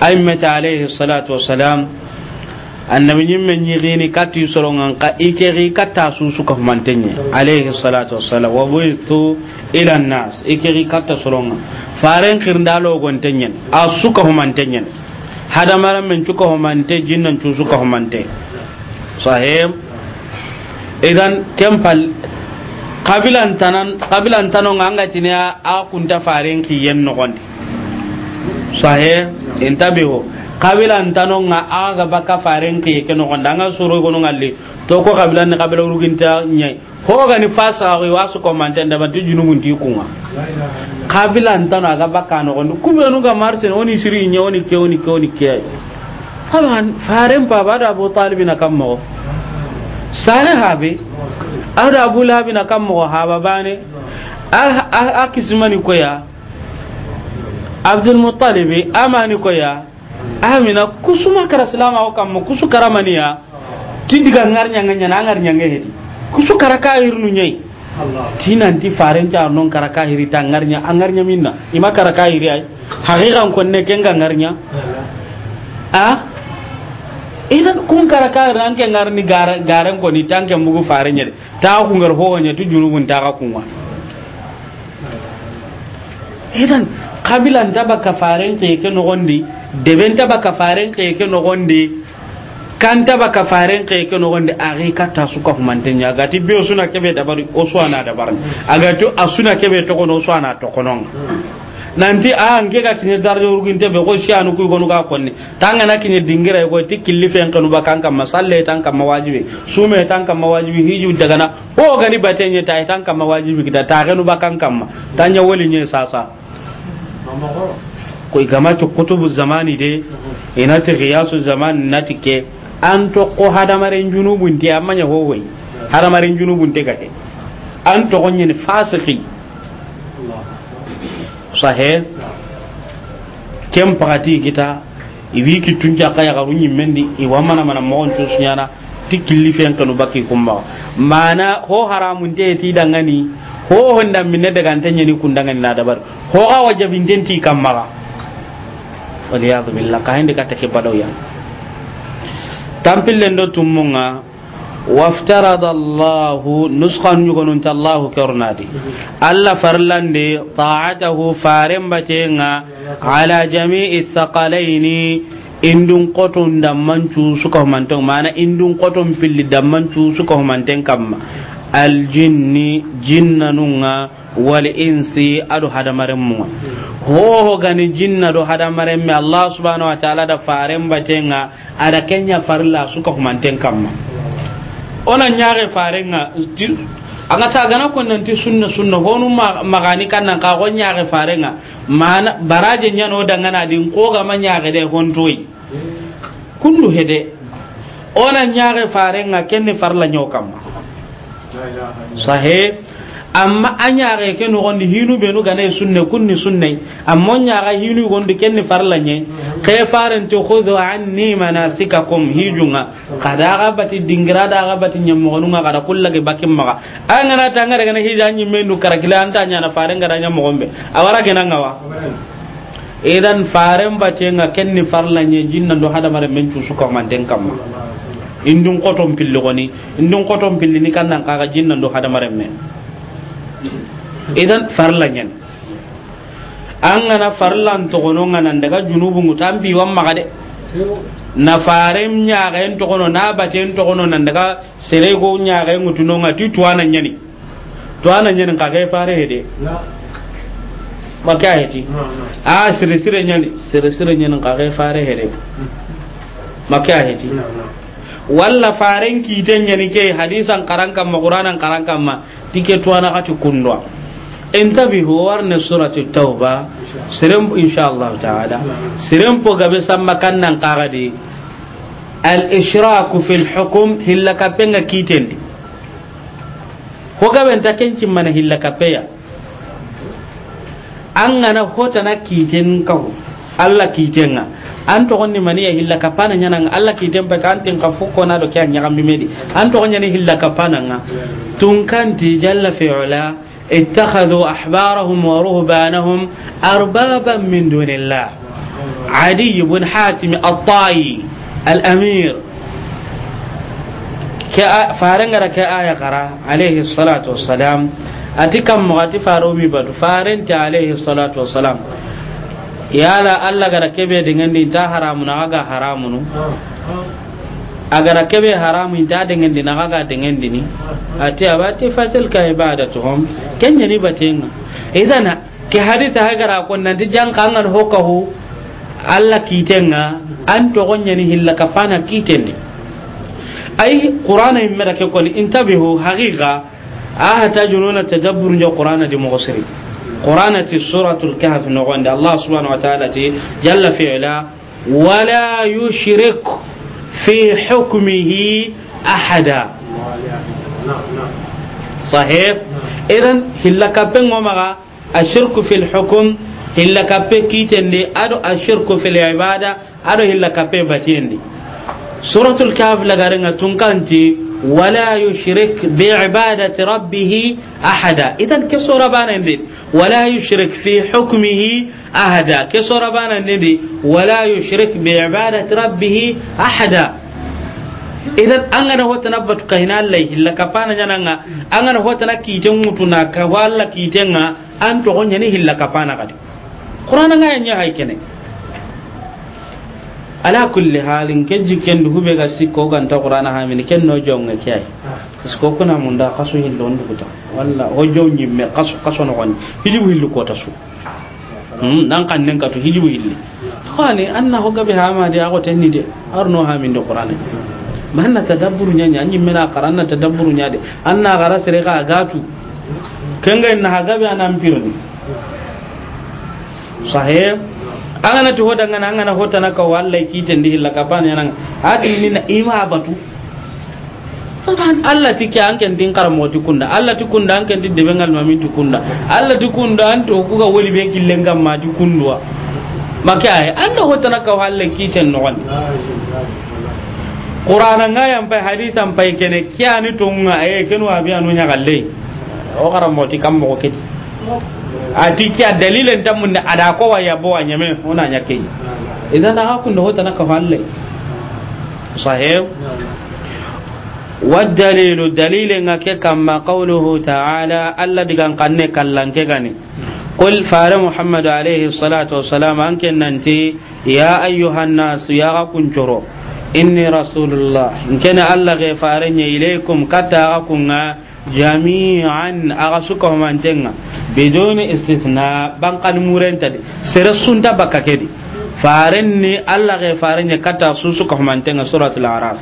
ay meta alaihi salatu wassalam annabi nyimme nyigini kati sorongan ka ikeri kata susu ka mantenye alayhi salatu wassalam wa buitu ila nas ikeri kata sorongan faren kirndalo gontenyen asuka mantenyen hada maran men cuka humante jinnan ka fumante. sahim idan kempal kabilan tanan kabilan tanon anga tinya a kunta faren kiyen no gonde sahib intabihu kabila ntano nga aga baka faren ke ke no gonda nga suru nga ngalli to ko kabila ni kabila uruginta nyai ho ga ni fasa ga wasu ko manten da bantu junu ku nga kabila ntano aga baka no gondo kuma no nga marse oni shiri nya oni ke oni ke oni ke taban faren pa bada bo talibi na kammo sare habi ada abu lahab na kammo haba bane a ko ya abdul muttalib amani koya amina kusuma kara salama o kam kusu kara maniya ti diga ngarnya nganya nangarnya ngehedi kusu kara ka irnu nyai tinan ti faren ta non kara kahiri ta angarnya minna ima kara iri ai haqiqan kon ne kenga nya a ah? idan kun kara ka ran ke ngarni garen ko ni tanke mugu faren yede ta ku ngar ho nya tu mun ta ka kunwa idan kabilan ta baka faren ke ke no gondi deben taba kafaren keke nogondi kan taba kafaren keke nogondi ari kata suka humantenya gati biyo suna kebe dabari o suana dabarni agati asuna kebe tokono suana tokonon nanti a nke ka kiɲɛ darje uruginte be ko siyanu kuy gonu ka konni tanga na kiɲɛ dingira ko ti killi fen kanu ba kan kamma salle tan kamma wajibi sume tan kamma wajibi hiju dagana o gani bate nye ta tan kan wajibi kita ta ganu ba kan ta tanya woli nye sasa ko igamati kutubu zamani de inati ghiyasu zaman nati ke anto ko hadamaren junubun te amma nya hohoy hadamaren junubun gade anto gonyen fasiki sahe kem kita iwi ki tunja kaya mana tikilli fen kanu baki kumba mana ho haramun te ti dangani ho honda minne daga antanya ni kundangani na dabar ho ga wajabin denti kamara waliyadu billah ka hindi kata ke badaw ya tampillen do tumunga waftarada allahu nuskan yugonun ta allahu karnadi alla farlande ta'atahu faren bacenga ala jami'i thaqalaini indun qoton damman cu suka humanten mana indun qoton pilli damman cu suka humanten kamma aljinni jinna nunga wal insi adu hadamaren mu hoho gani jinna do hadamaren mi allah subhanahu wa ta'ala da faren batenga ada kenya farla suka kumanten kamma ona nyare faren nga a ga ta gana kwanan ti sunna sunna honu magani kan nan kawo nyare faren nga mana barajin yano dangana din ko ga man nyare dai hontoi kullu hede ona nyare faren nga kenni farla nyokamma sahe amma ga ke no gondi hinu be ga nay e sunne kunni sunne amma ga hinu gondi kenni farlanye kay faran to khudhu anni manasikakum hijunga kada ga gabati dingira da ga gabati nyamogonu nga kada ge bakim ma ta maga angana tangara gane hijanyi kara karakila anta na faran ga gara nyamogombe awara nan gawa idan faran bace nga kenni farlanye jinna do hada mare mencu cusu man den kam indun qoton pilli goni indun qoton pilli ni kannan kaga jinnan do hada maremme idan farla nyen an gana farlan to gono ngana daga junubu mutambi wan maga de na farem nya ga en to gono na baten to gono nan daga sere go nya ga ngutuno ngati tuana nyani tuana nyani kaga e fare hede maka heti a ah, sire sire nyani sire sire nyani kaga e fare hede hmm. maka heti walla faren kiten yani ke hadisan karankan ma qur'anan karankan ma tike tuana kati kundwa intabihu warne surati tauba sirem Allah ta'ala sirem po gabe samma kannan qaradi al ishraku fil hukm hillaka penga kitendi ko gabe ntakencin mana hilla kapeya an gana hotana kiten kahu allah kitenga an to gonni mani ya hilla kapana nyana Allah ki tempe ka tin ka fuko na do kyan nyaka mimedi an to gonni hilla kapana nga tun jalla fi'ula ittakhadhu ahbarahum wa ruhbanahum arbaban min dunillah عدي بن حاتم الطائي الأمير فارنغرا كآية قرأ عليه الصلاة والسلام أتكم مغاتي فارومي بدو فارنت عليه الصلاة والسلام yala allah gara kebe ni ta haramun na aga haramu no agara kebe haramu ta dingandi na aga dengan ni ati abati fasil ka ibadatuhum kenya ni batenga idan ke hadita hagara kon nan ti jankangan hokahu allah kitenga an ni hilla kafana kitenni ai qur'ana immeda ke kon intabihu haqiqa ta tajununa tadabbur jo qur'ana di mogosiri qur'anati suratul kahf no gonde allah subhanahu wa ta'ala ti jalla fi'la wala yushrik fi hukmihi ahada sahib idan hilla kappe ngomaga ashirku fil hukm hilla kappe kitendi ado ashirku fil ibada ado hilla kappe batiendi suratul kahf lagarenga tunkanti ولا يشرك بعبادة ربه أحدا إذا كسر بان ندي ولا يشرك في حكمه أحدا كسر بان ندي ولا يشرك بعبادة ربه أحدا idan an gana hota na batu kai na Allah illa ka fana jana nga an gana hota na kitin mutu na an to gonya ni illa ka fana kadi ala kulli halin ke jiken du hube ga sikko gan ta qur'ana ha min ken ah. no jonga kai sikko kuna mun da kasu hin don du ta walla jow jonyi me qasu qasu no gon wi hillu ko ta su hmm nan kan nan ka to wi hilli khani anna ho gabe ha ma de ko tenni de arno ha min do qur'ana na tadabburu nya nya nyi mena qur'ana tadabburu nya de anna gara sire ga gatu kenga na ha gabe anan pirni sahib angana tu hoda ngana angana hota na ka walla kiten di hilla kapan yana ati ni na ima batu Allah ti ke an kendin karamo ti kunda Allah ti kunda an kendin debe ngal mami ti kunda Allah ti kunda an to kuga woli be killen gam ma ti kunduwa. maka ay an hota na ka walla kiten no wal qur'ana ngayam pa haditham pa kene kiani tunga nga eh, e kenu abi anu nyagalle o karamo ti kam ko keti ati kya dalilin adaa mun ada ko wa yabo wa nyame ona nyake idan ha kun hota na ka falle sahih والدليل دليل انك كما قوله تعالى الا دغان قن كلان كغني قل فار محمد عليه الصلاه والسلام انك ننتي يا ايها الناس يا كنجرو inni rasulullah in kene allah ge farenya ilaykum kata akunga jami'an aga suka mantenga bidoni istithna bankan murenta sere sunta bakka kedi faren ni allah ge faren kata su suka mantenga suratul araf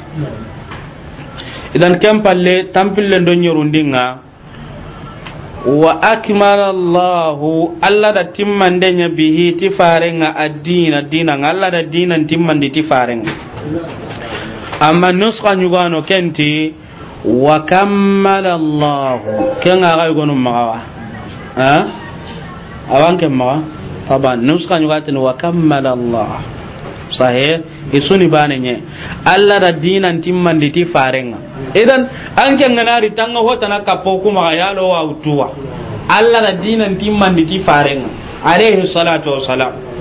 idan kan palle tampille don yorundinga wa akmala allahu allah da timmande nya bihi ti farenga addina dina allah da dinan timmande ti farenga amma nusqa nyugano kenti wa kammala Allah ken ga ga gonu magawa ha awan ken maga taban nuska ni watin wa kammala Allah sahih isuni bane nye Allah da dinan timman diti ti farenga idan an ken ga nari tanga hota na kapo kuma ya lo wa utuwa Allah da dinan timman diti ti farenga alaihi salatu wa salam.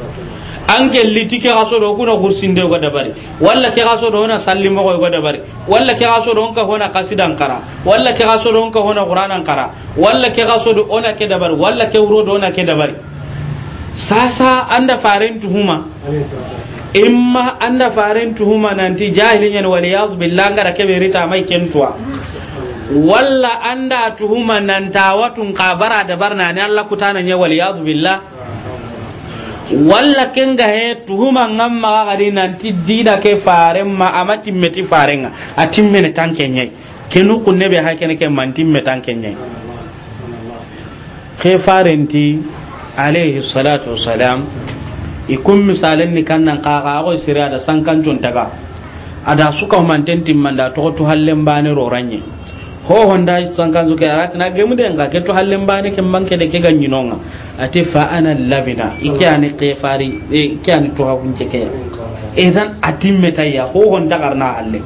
an gelli ti ke kaso do kuna gursinde ko dabari walla ke kaso do na sallimo go dabari walla ke kaso do onka hona kasidan kara walla ke kaso do onka hona qur'anan kara walla ke kaso do ona ke dabari walla ke wuro do ona ke dabari sasa anda faren tuhuma imma anda faren tuhuma nanti jahilin yan waliyaz billah ngara ke rita mai kentuwa walla anda tuhuma nanta watun qabara da ne Allah kutana ne waliyaz billah walla kenga he tuhuma ngamma gadi nanti dida ke faren ma amati meti farenga mene ne tankenye kenu kunne be hakene ke manti metan kenye ke nti alayhi salatu wassalam ikun misalen ni kannan kaga ko sira da sankan jontaga ada suka mantentin manda to to hallen bane ranye ho honda sankan zuke arat na gemu den ga keto hallen bani ken banke de ke ganyi nonga ate fa ana labina ikyani qifari e, ikyani to ha kunje ke idan meta ya ho honda garna alle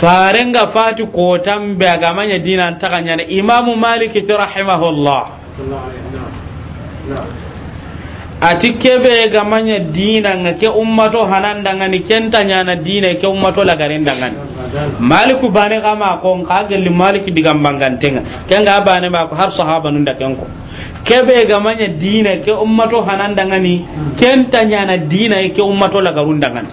farenga fati ko tambe aga manya dina takanya imamu maliki rahimahullah ati kebe manya dina nga ke ummato hanan ni kenta nyana dina ke ummato lagarin dangani maliku bane kama ko ka gelli maliki digam bangantenga kenga bane ba ko har sahaba nun da kenko kebe manya dina ke ummato hanan ni kenta nyana dina ke ummato lagarun dangani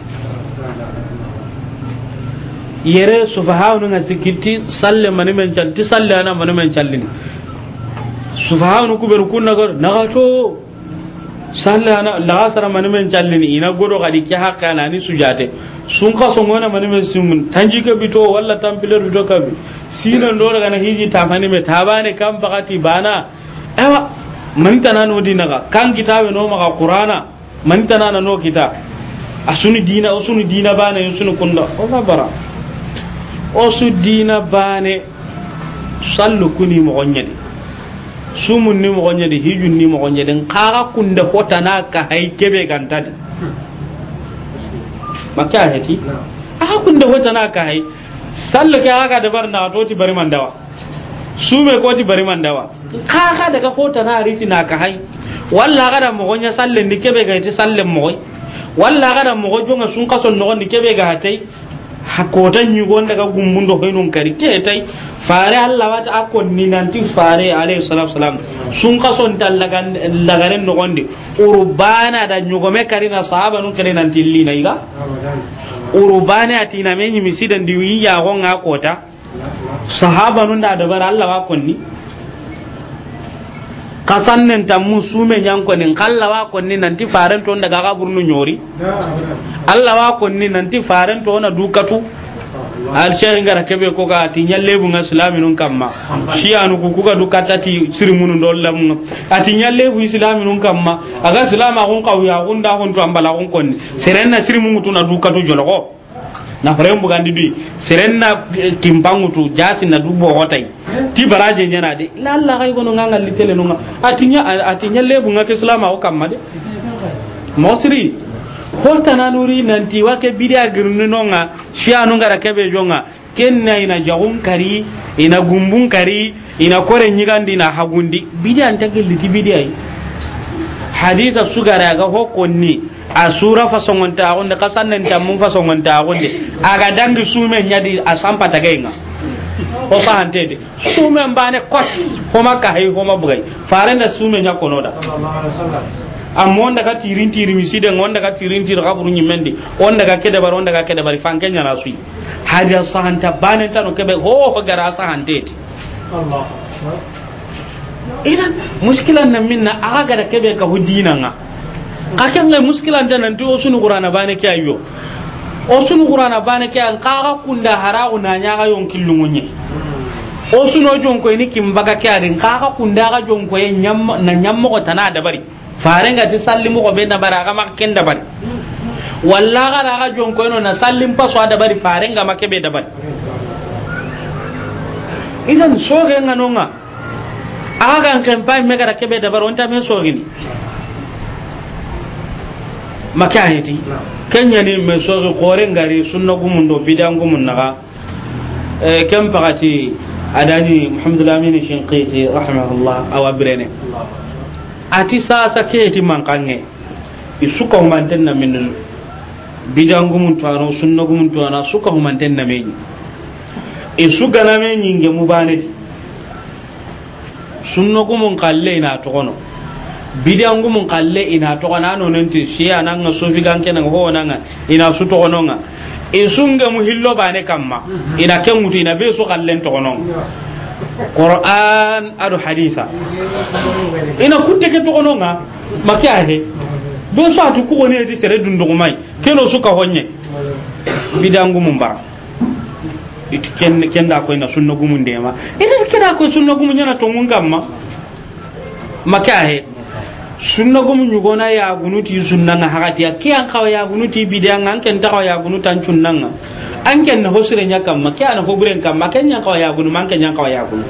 yere subhanahu nga sikiti salle mani men chanti salle ana mani men challini subhanahu kuberu kunna gar nagato sallana la asara man men ni ina godo gadi ki hakka na ni sujate sun ka so ngona man sun tanji ka bito walla tampile bito ka bi sinan do daga na hiji tamani me tabane kan bakati bana ewa man tana no ka kan kitabe no maka qur'ana man tana na no kita asuni dina o dina bana yusuni kunda o sabara o su dina bane sallu kuni mo gonyadi sumun ni mogo di hijun ni mogo di nkara kunda hota na ka hay kebe gantadi makka heti aka kunda hota na ka hay sallu ke aka da barna to ti bari mandawa sume ko ti bari mandawa kaka daga hota na rifi na ka hay walla gada mogo nya ni kebe ga ti salle mogo walla gada mogo jonga sun kaso no ni kebe ga hatai hakota nyugo daga gumbundo kainun kari ke tai fare Allah wata akon ni nanti fare alayhi salatu salam sun kaso tallagan lagaren no gonde urbana da nyugo me kari na sahaba nun kare nanti lina iga urbana atina menyi misidan diwi ya gonga kota sahaba nun da dabar Allah wa konni kasan nan ta musume nyan ko nin kalla wa ko nin nanti faran to daga ga burnu nyori Allah wa ko nin nanti faran to na dukatu al shehin gara kebe ko ga ti nyalle bu islamin nun kamma shi anu ku ku ga dukata ti sirmun do lam ati nyalle bu islamin nun kamma aga islama kun kawiya kun da kun to ambala kun kon serenna sirmun na dukatu jologo na horen bugandi dui serenna eh, kimbangutu jasi na dubo hotai eh? ti baraje nyana de la Allah kay gono nunga atinya atinya o kamma de mosri hota na nuri nanti bidia girnu shia nunga jonga kenna ina jagun kari ina gumbun kari ina kore nyigandi na hagundi bidia liti bidia hadisa sugara ga hokonni a sura fa songonta agunde kasan nan tamu fa songonta agunde aga dangi sume nyadi a tagenga o fa hante de sume mbane kot homa ka hay homa bugai farenda sume nyakono da amma wanda ka tirin tiri miside wanda ka tirin tiri kaburu mendi, wanda ka keda bar wanda ka keda bar fanke nyana sui hadiya sahanta ta no kebe ho ho gara sahante Allah idan mushkilan nan minna aga da kebe ka hudina nga kakan kenga muskilan ta nanti o sunu qur'ana bane ke ayo o sunu qur'ana bane ke an kaga kunda harau na nya ga yon killungunye o jon ko ni kimbaga ke adin kaga kunda ga jonko en nyam na nyam ko tana da bari ga ti sallimu ko be na bara ga makken da bari walla ga jon ko no na sallim so da bari ga make be da bari idan ga nga nga aga kan kan pa me gara ke be da bari on ta me men ni. makaniti kenya ni me so gore ngari sunna gumun do bidan gumun naga e kem pakati adani muhammad amin shinqiti rahimahullah awa birene ati sasa keti mankange isuka humanten na min bidan gumun to ana sunna gumun to ana suka humanten na men isuga na men nyinge mubane sunna gumun kallena to kono bidan gumun kalle ina to kana no ti shi anan ga sufi gan kenan ho nan ina su to non ga isunga mu hillo bane kamma mm-hmm. ina ken mutu ina be su kallen to non qur'an adu haditha ina kutte ke to non ga maki ade be su atu ko ne di sere dundugo mai keno su ka honye bidan gumun ba itu kenda ko ina sunna gumun de ma ina kenda ko sunna gumun yana to mun gamma makahe sunna gum gona ya gunuti sunna nga hakati ya an kawa ya gunuti bidan nga ken ta kawa ya gunutan sunna nga ken na hosire nya kam ma kiyan ko buren kam ma nya kawa ya gunu man nya kawa ya gunu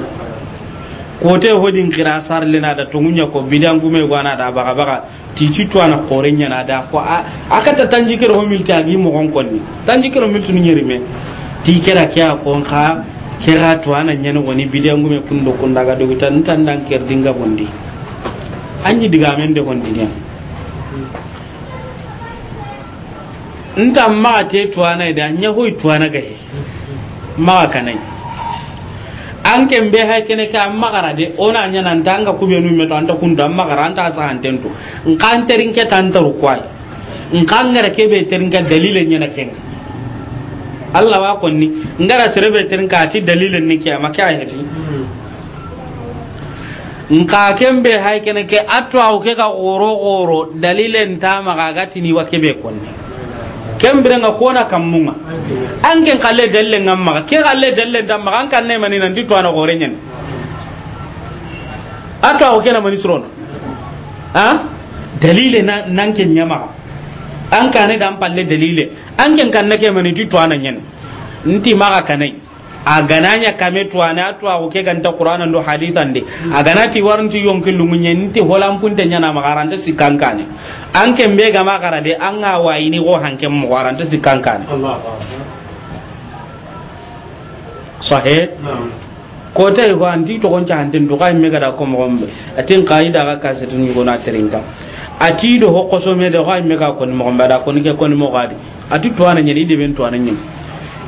ko te din kira sar na da tungunya ko bidan gume na da baga baga titi to ana korenya na da ko akata tanjikir ho milti agi mo gon ni tanjikir milti ni me ti kera kya ko kha kera to ana nyane woni bidan gume kundo kundaga dogitan tan dan ker dinga bondi an yi diga min de kon dinya nta ma te tuwana da nya hoy tuwana ga he ma kanai an ken be hay kene ka magara de ona anya nan tanga kubenu meto anta kunda an magara anta sa antento nkan terin ke tantaru kwai nkan ngara ke be terin ka dalilin nya kenga Allah wa konni ngara sirbe tirin ka ti dalilin ni kiyama kai hati nka kembe hay kene ke atto aw ke ka goro goro dalilen ta maga ni wa kebe konne kembre nga kona kam an anke kalle dalle ngam ma ke kalle dalle dam ma kan ne mani nan ditu ana gore nyen atto aw ke na mani sron ha dalile na nan ke nyama an kane dan palle dalile anke kan ne ke mani ditu ana nyen nti ma maga kanai agananya kame tuana to ago ke ganta qur'ana ndo haditha ndi agana ti warnti yonki lumunye nti holam punte nyana magaranta sikankane anke mbega magara de anga ga wayini go hanken mo garanta sikankane sahe ko ta ko andi to gonta hantin do kai mega da ko mo atin qaida ga kasetun go na terinka akido ho koso me de kai mega ko mo gombe da ko ni ke ko ni mo gadi ati to ana nyani de ben to ana nyani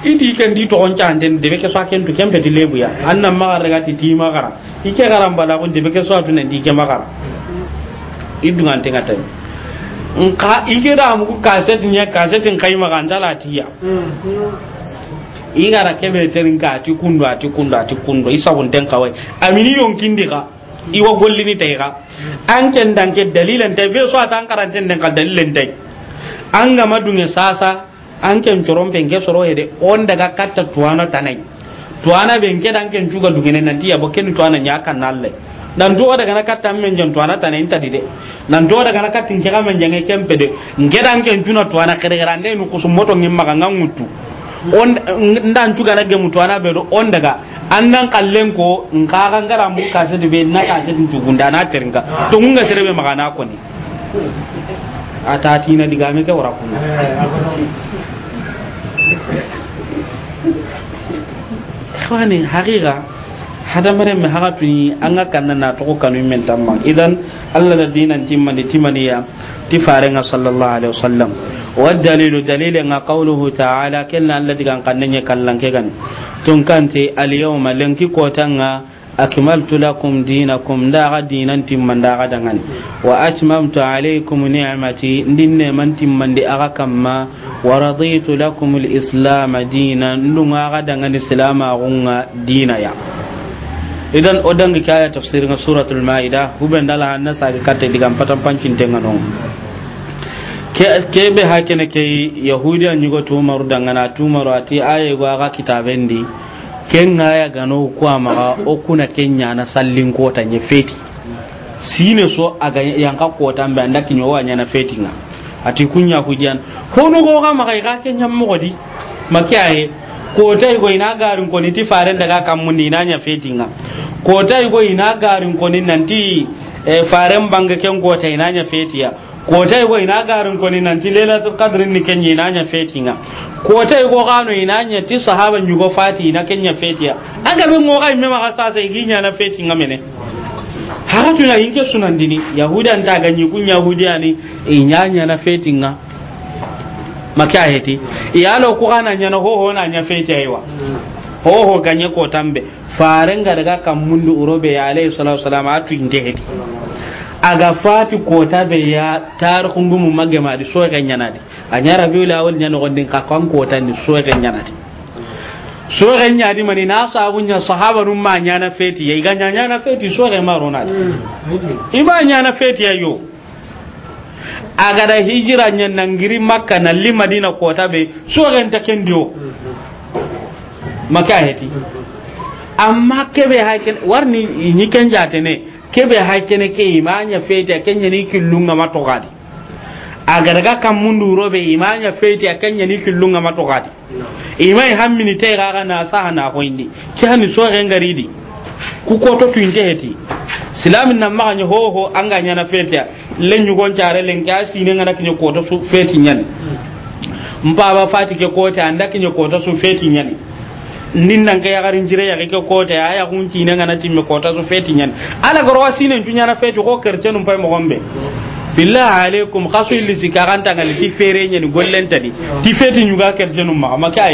idi ken di togon den debe ke so ken tu kempe ti lebu ya annan magar ga ti ti I ike garan bala kun debe ke so atu ne di ke magara idu ngan tenga tan nka ike da mu kaset nya kasetin kai maganda latiya hmm. igara kebe terin ka ati kundu ati kundu ati kundu isa bun den kawai amini yonkin I iwa gollini ni ga an ken danke dalilan tay be so ta an karanten den ka dalilan tay an ga madunge sasa an ken coron pe nke soro hede on daga katta tuwana tanai tuwana ben ke dan ken juga dugine nanti ya boken tuwana nyaka kan nalle nan do daga na katta men jan tuwana tanai ta dide nan do daga na katta ke men jan kempe pede ngeda dan ken juna tuwana kere grande nu kusumoto ngimma maka ngangutu on dan juga na gemu tuwana be do on daga annan kallen ko nka kan gangara mu kase de be na kase din jugunda na teringa to ngunga serebe magana ko ni a diga digame ke wara kunna ikhwani haqiqa hada mare me haga tuni an ga kanna na to kanu men tamma idan Allah da dinan timmani timaniya ti farenga sallallahu alaihi wasallam wa dalilu dalilan ga qawluhu ta'ala kenna Allah digan kanne kallan ke gan tun kante al yawma lanki kotanga akmaltu lakum dinakum nda ga dinan timman da ga dangan wa atmamtu alaykum ni'mati man timman di aga kamma wa raditu lakum dinan ga dangan idan odan ga kaya tafsirin suratul maida huben dala annasa ga katte diga patan pancin tenganon hakene ke yahudiya nyugo tumaru dangana tumaru ati ayego aga kitabendi ken ya gano kuwa Maka, okuna kuna kenya na sallin kota nye feti sine so aga yanka kota mbe anda kinyo wa na feti nga ati kunya kujian hono go ga maga ga kenya mogodi makiyaye kota go ina garin koni ni ti faren daga kan mun ina nya feti nga kota go ina garin koni nanti e faren banga ken kota ina nya ya. kota go ina garin koni ni nanti lailatul qadr ni kenya ina nya feti nga ko ta ko no ina nya ti sahaban yugo fati na kenya fetiya aga be mo kai mema kasa sai ginya na feti ngamene haka tuna yinke sunan dini yahuda nta nyi kun yahudiya ni nya na feti nga makya heti iyalo ko kana nya na ho ho na nya feti aiwa ho ho ganye ko tambe faranga daga kan mundu urobe ya alayhi salatu wasalam atu inde heti aga fati kota be ya tar kungumu magema di soye kan yana di anya rabiul awal nyano gondin ka kan kota ni soye kan yana di soye kan yana di mani na sabu nya sahaba num ma nyana feti ya iga nyana na feti soye ma rona iba hmm. nyana feti ya yo aga da hijira nya nangiri makka na li madina kota be soye ta kendio makka heti hmm. amma kebe hakin warni ni kan jate ne kebe hakkene ke imanya feti akenya ni killunga matogadi agarga kam mundu robe imanya feti akenya ni killunga matogadi imai hammini te gaga na saha na hoindi kyani so rengaridi to tuinte heti silamin nan ma ganyo hoho an ganya na feti len yugo jare len kasi ngana kinyo ko to su nyani mbaba fati ke ko ta anda kinyo ko to su nyani nin nan ga yagarin jire ya ke kota ya ya hunci ne ngana timme kota su feti nyen ala garo asine tunya na feti ko kerce num pay mo gombe billahi alaikum khasu illi sikaranta ngal ti fere nyen gollen tadi ti feti nyuga kerce num ma ma ka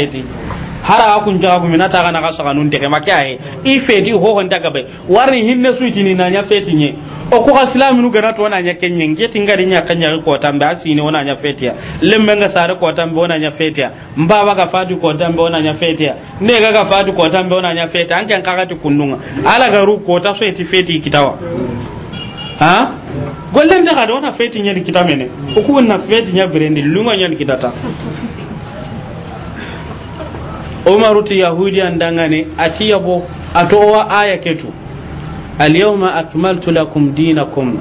hara kun jaga ku minata kana saka nun tege ma ayi i feti ho hon daga be warni hinne suiti ni nanya feti nyen o ko islam nu gana to onanya kenye ngeti ngari nya kanya ko tambe asini onanya fetia lemme nga sare ko tambe onanya fetia mbaba ga fatu ko tambe onanya fetia ne ga ga fatu ko tambe onanya fetia an kan kakati kunnunga ala ga ru ko ta so eti feti kitawa ha gollen da ga ona feti nya kita mene oku ko na feti nya berendi lunga nya kitata umaru yahudi andangane atiya bo atowa aya ketu اليوم أكملت لكم دينكم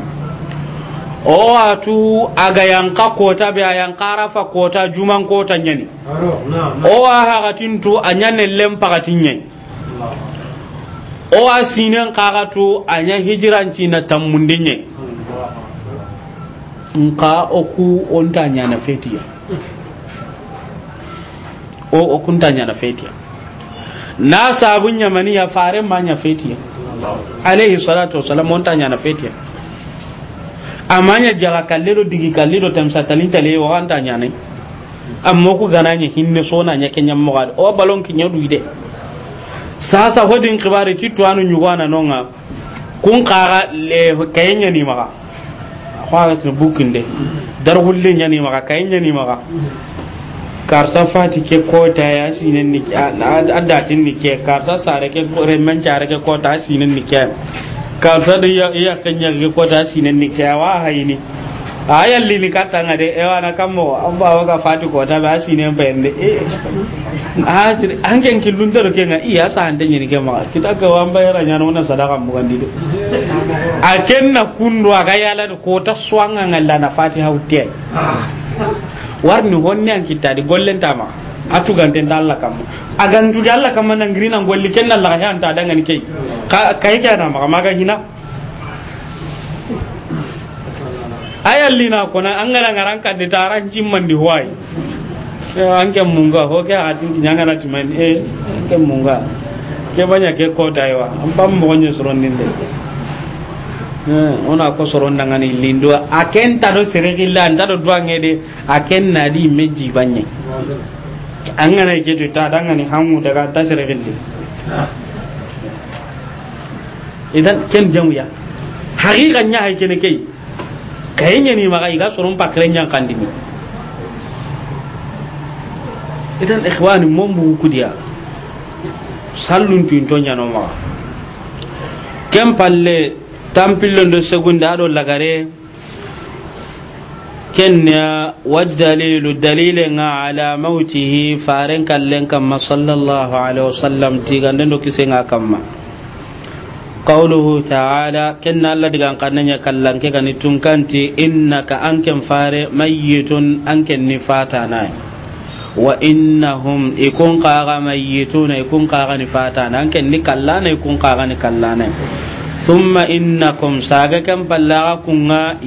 watu aga yanka kota be a yankara kota juman kota nyani owa hagatintu a nyane lem pagatin nyani owa sinen kagatu a nya hijiranci na tammundin nyani nka oku onta nyana fetiya o okunta nyana fetiya na sabun nyamani ya fare ma fetiya alayhi salatu wasalam on tanya na fetiya amanya jaga kallero digi kallero tamsa talinta le wa anta nyane amma ku gananye hinne sona nyake nyam mo gad o balon ki nyadu ide sasa hodin kibare titu anu nyugwana nonga kun kaga le kayenya ni maga kwa bukin de dar hulle nyani maga kayenya ni maga karsa fati ke kota ya sinen ni adatin ni ke karsa sare ke remmen care ke kota sinen ni ke karsa da ya ya kanya ke kota sinen ni ke wa li ni de e wana kammo fati kota ba sinen bende e asir hangen killun da roke nga iya sa ni ke ma kita ga wan bayara nyana wannan sadaka mu aga yala ko ta swanga ngalla na fati warni honne an kittadi gollen tama a cugantenta allah kamma agantude allah kamma nan golli ken nan laga heanta an kei kayi kana ma maga hina ko nan an ngara ngaran de taran cimmandi huwayi an e, ke munga ho ke hatin kinyangana timani e ke munga ke banya ke kota daiwa an ban mo nyi suron dinde Hmm, ona ko soro ndangani lindo aken ta do serigilla landa do duange de aken na di meji banye angana ke to ta dangani hamu daga ta serigilla idan ken jamuya haqiqan nya hay kene kai nya ni maka iga soron pakren kan kandimi idan ikhwani mon bu kudiya sallun nya no ma kem palle do segundi ado lagare kenya waddalilu nga ala mautihi faren kallen kamma sallallahu alaihi wasallam tiganden do kisenga kamma qawluhu ta'ala kenna allah diga kannanya kallan ke kani tunkanti innaka anken fare mayyitun anken ni fata nay wa innahum ikun qaga mayyituna ikun qaga ni fata nay anken ni kallana ikun qaga ni kallana ثم إنكم ساقكم بلغكم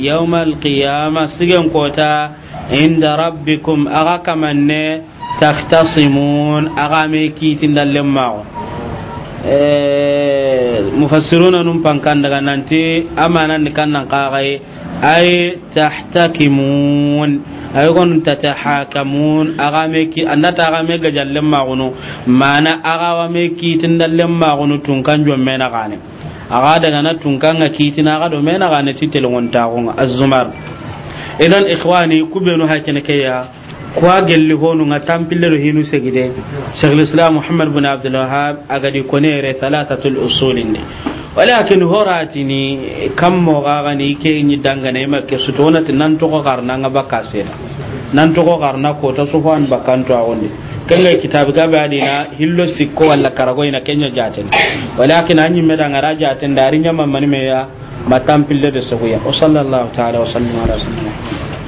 يوم القيامة سجن كوتا عند ربكم أغاكم تختصمون أغامي كيتن للماغ مفسرون نمبان كان لغا ننتي أما نكان نقاغي أي تحتكمون aygon tatahakamun agame ki andata agame gajallen magunu mana agawa me kitin dallen magunu tun kan jomme na gane aga daga na tunkanga kitina aga do mena ga ne titel wonta ko azumar idan ikhwani kubenu hakene kayya kwa gelli honu nga tampille do hinu segide shaykhul islam muhammad bin abdul wahhab aga di konere thalathatul usulin walakin horatini kam mo ga ga ni ke ni dangane ma ke sutona tinan to ko karna nga bakase nan to garna ko ta sufan bakanto a wonde kanga kitabu gabe adina hillo sikko walla karago ina kenya jaten walakin anyi meda ngara jaten dari nyama mani meya matampille de sohuya sallallahu ta'ala wa sallam ala sayyidina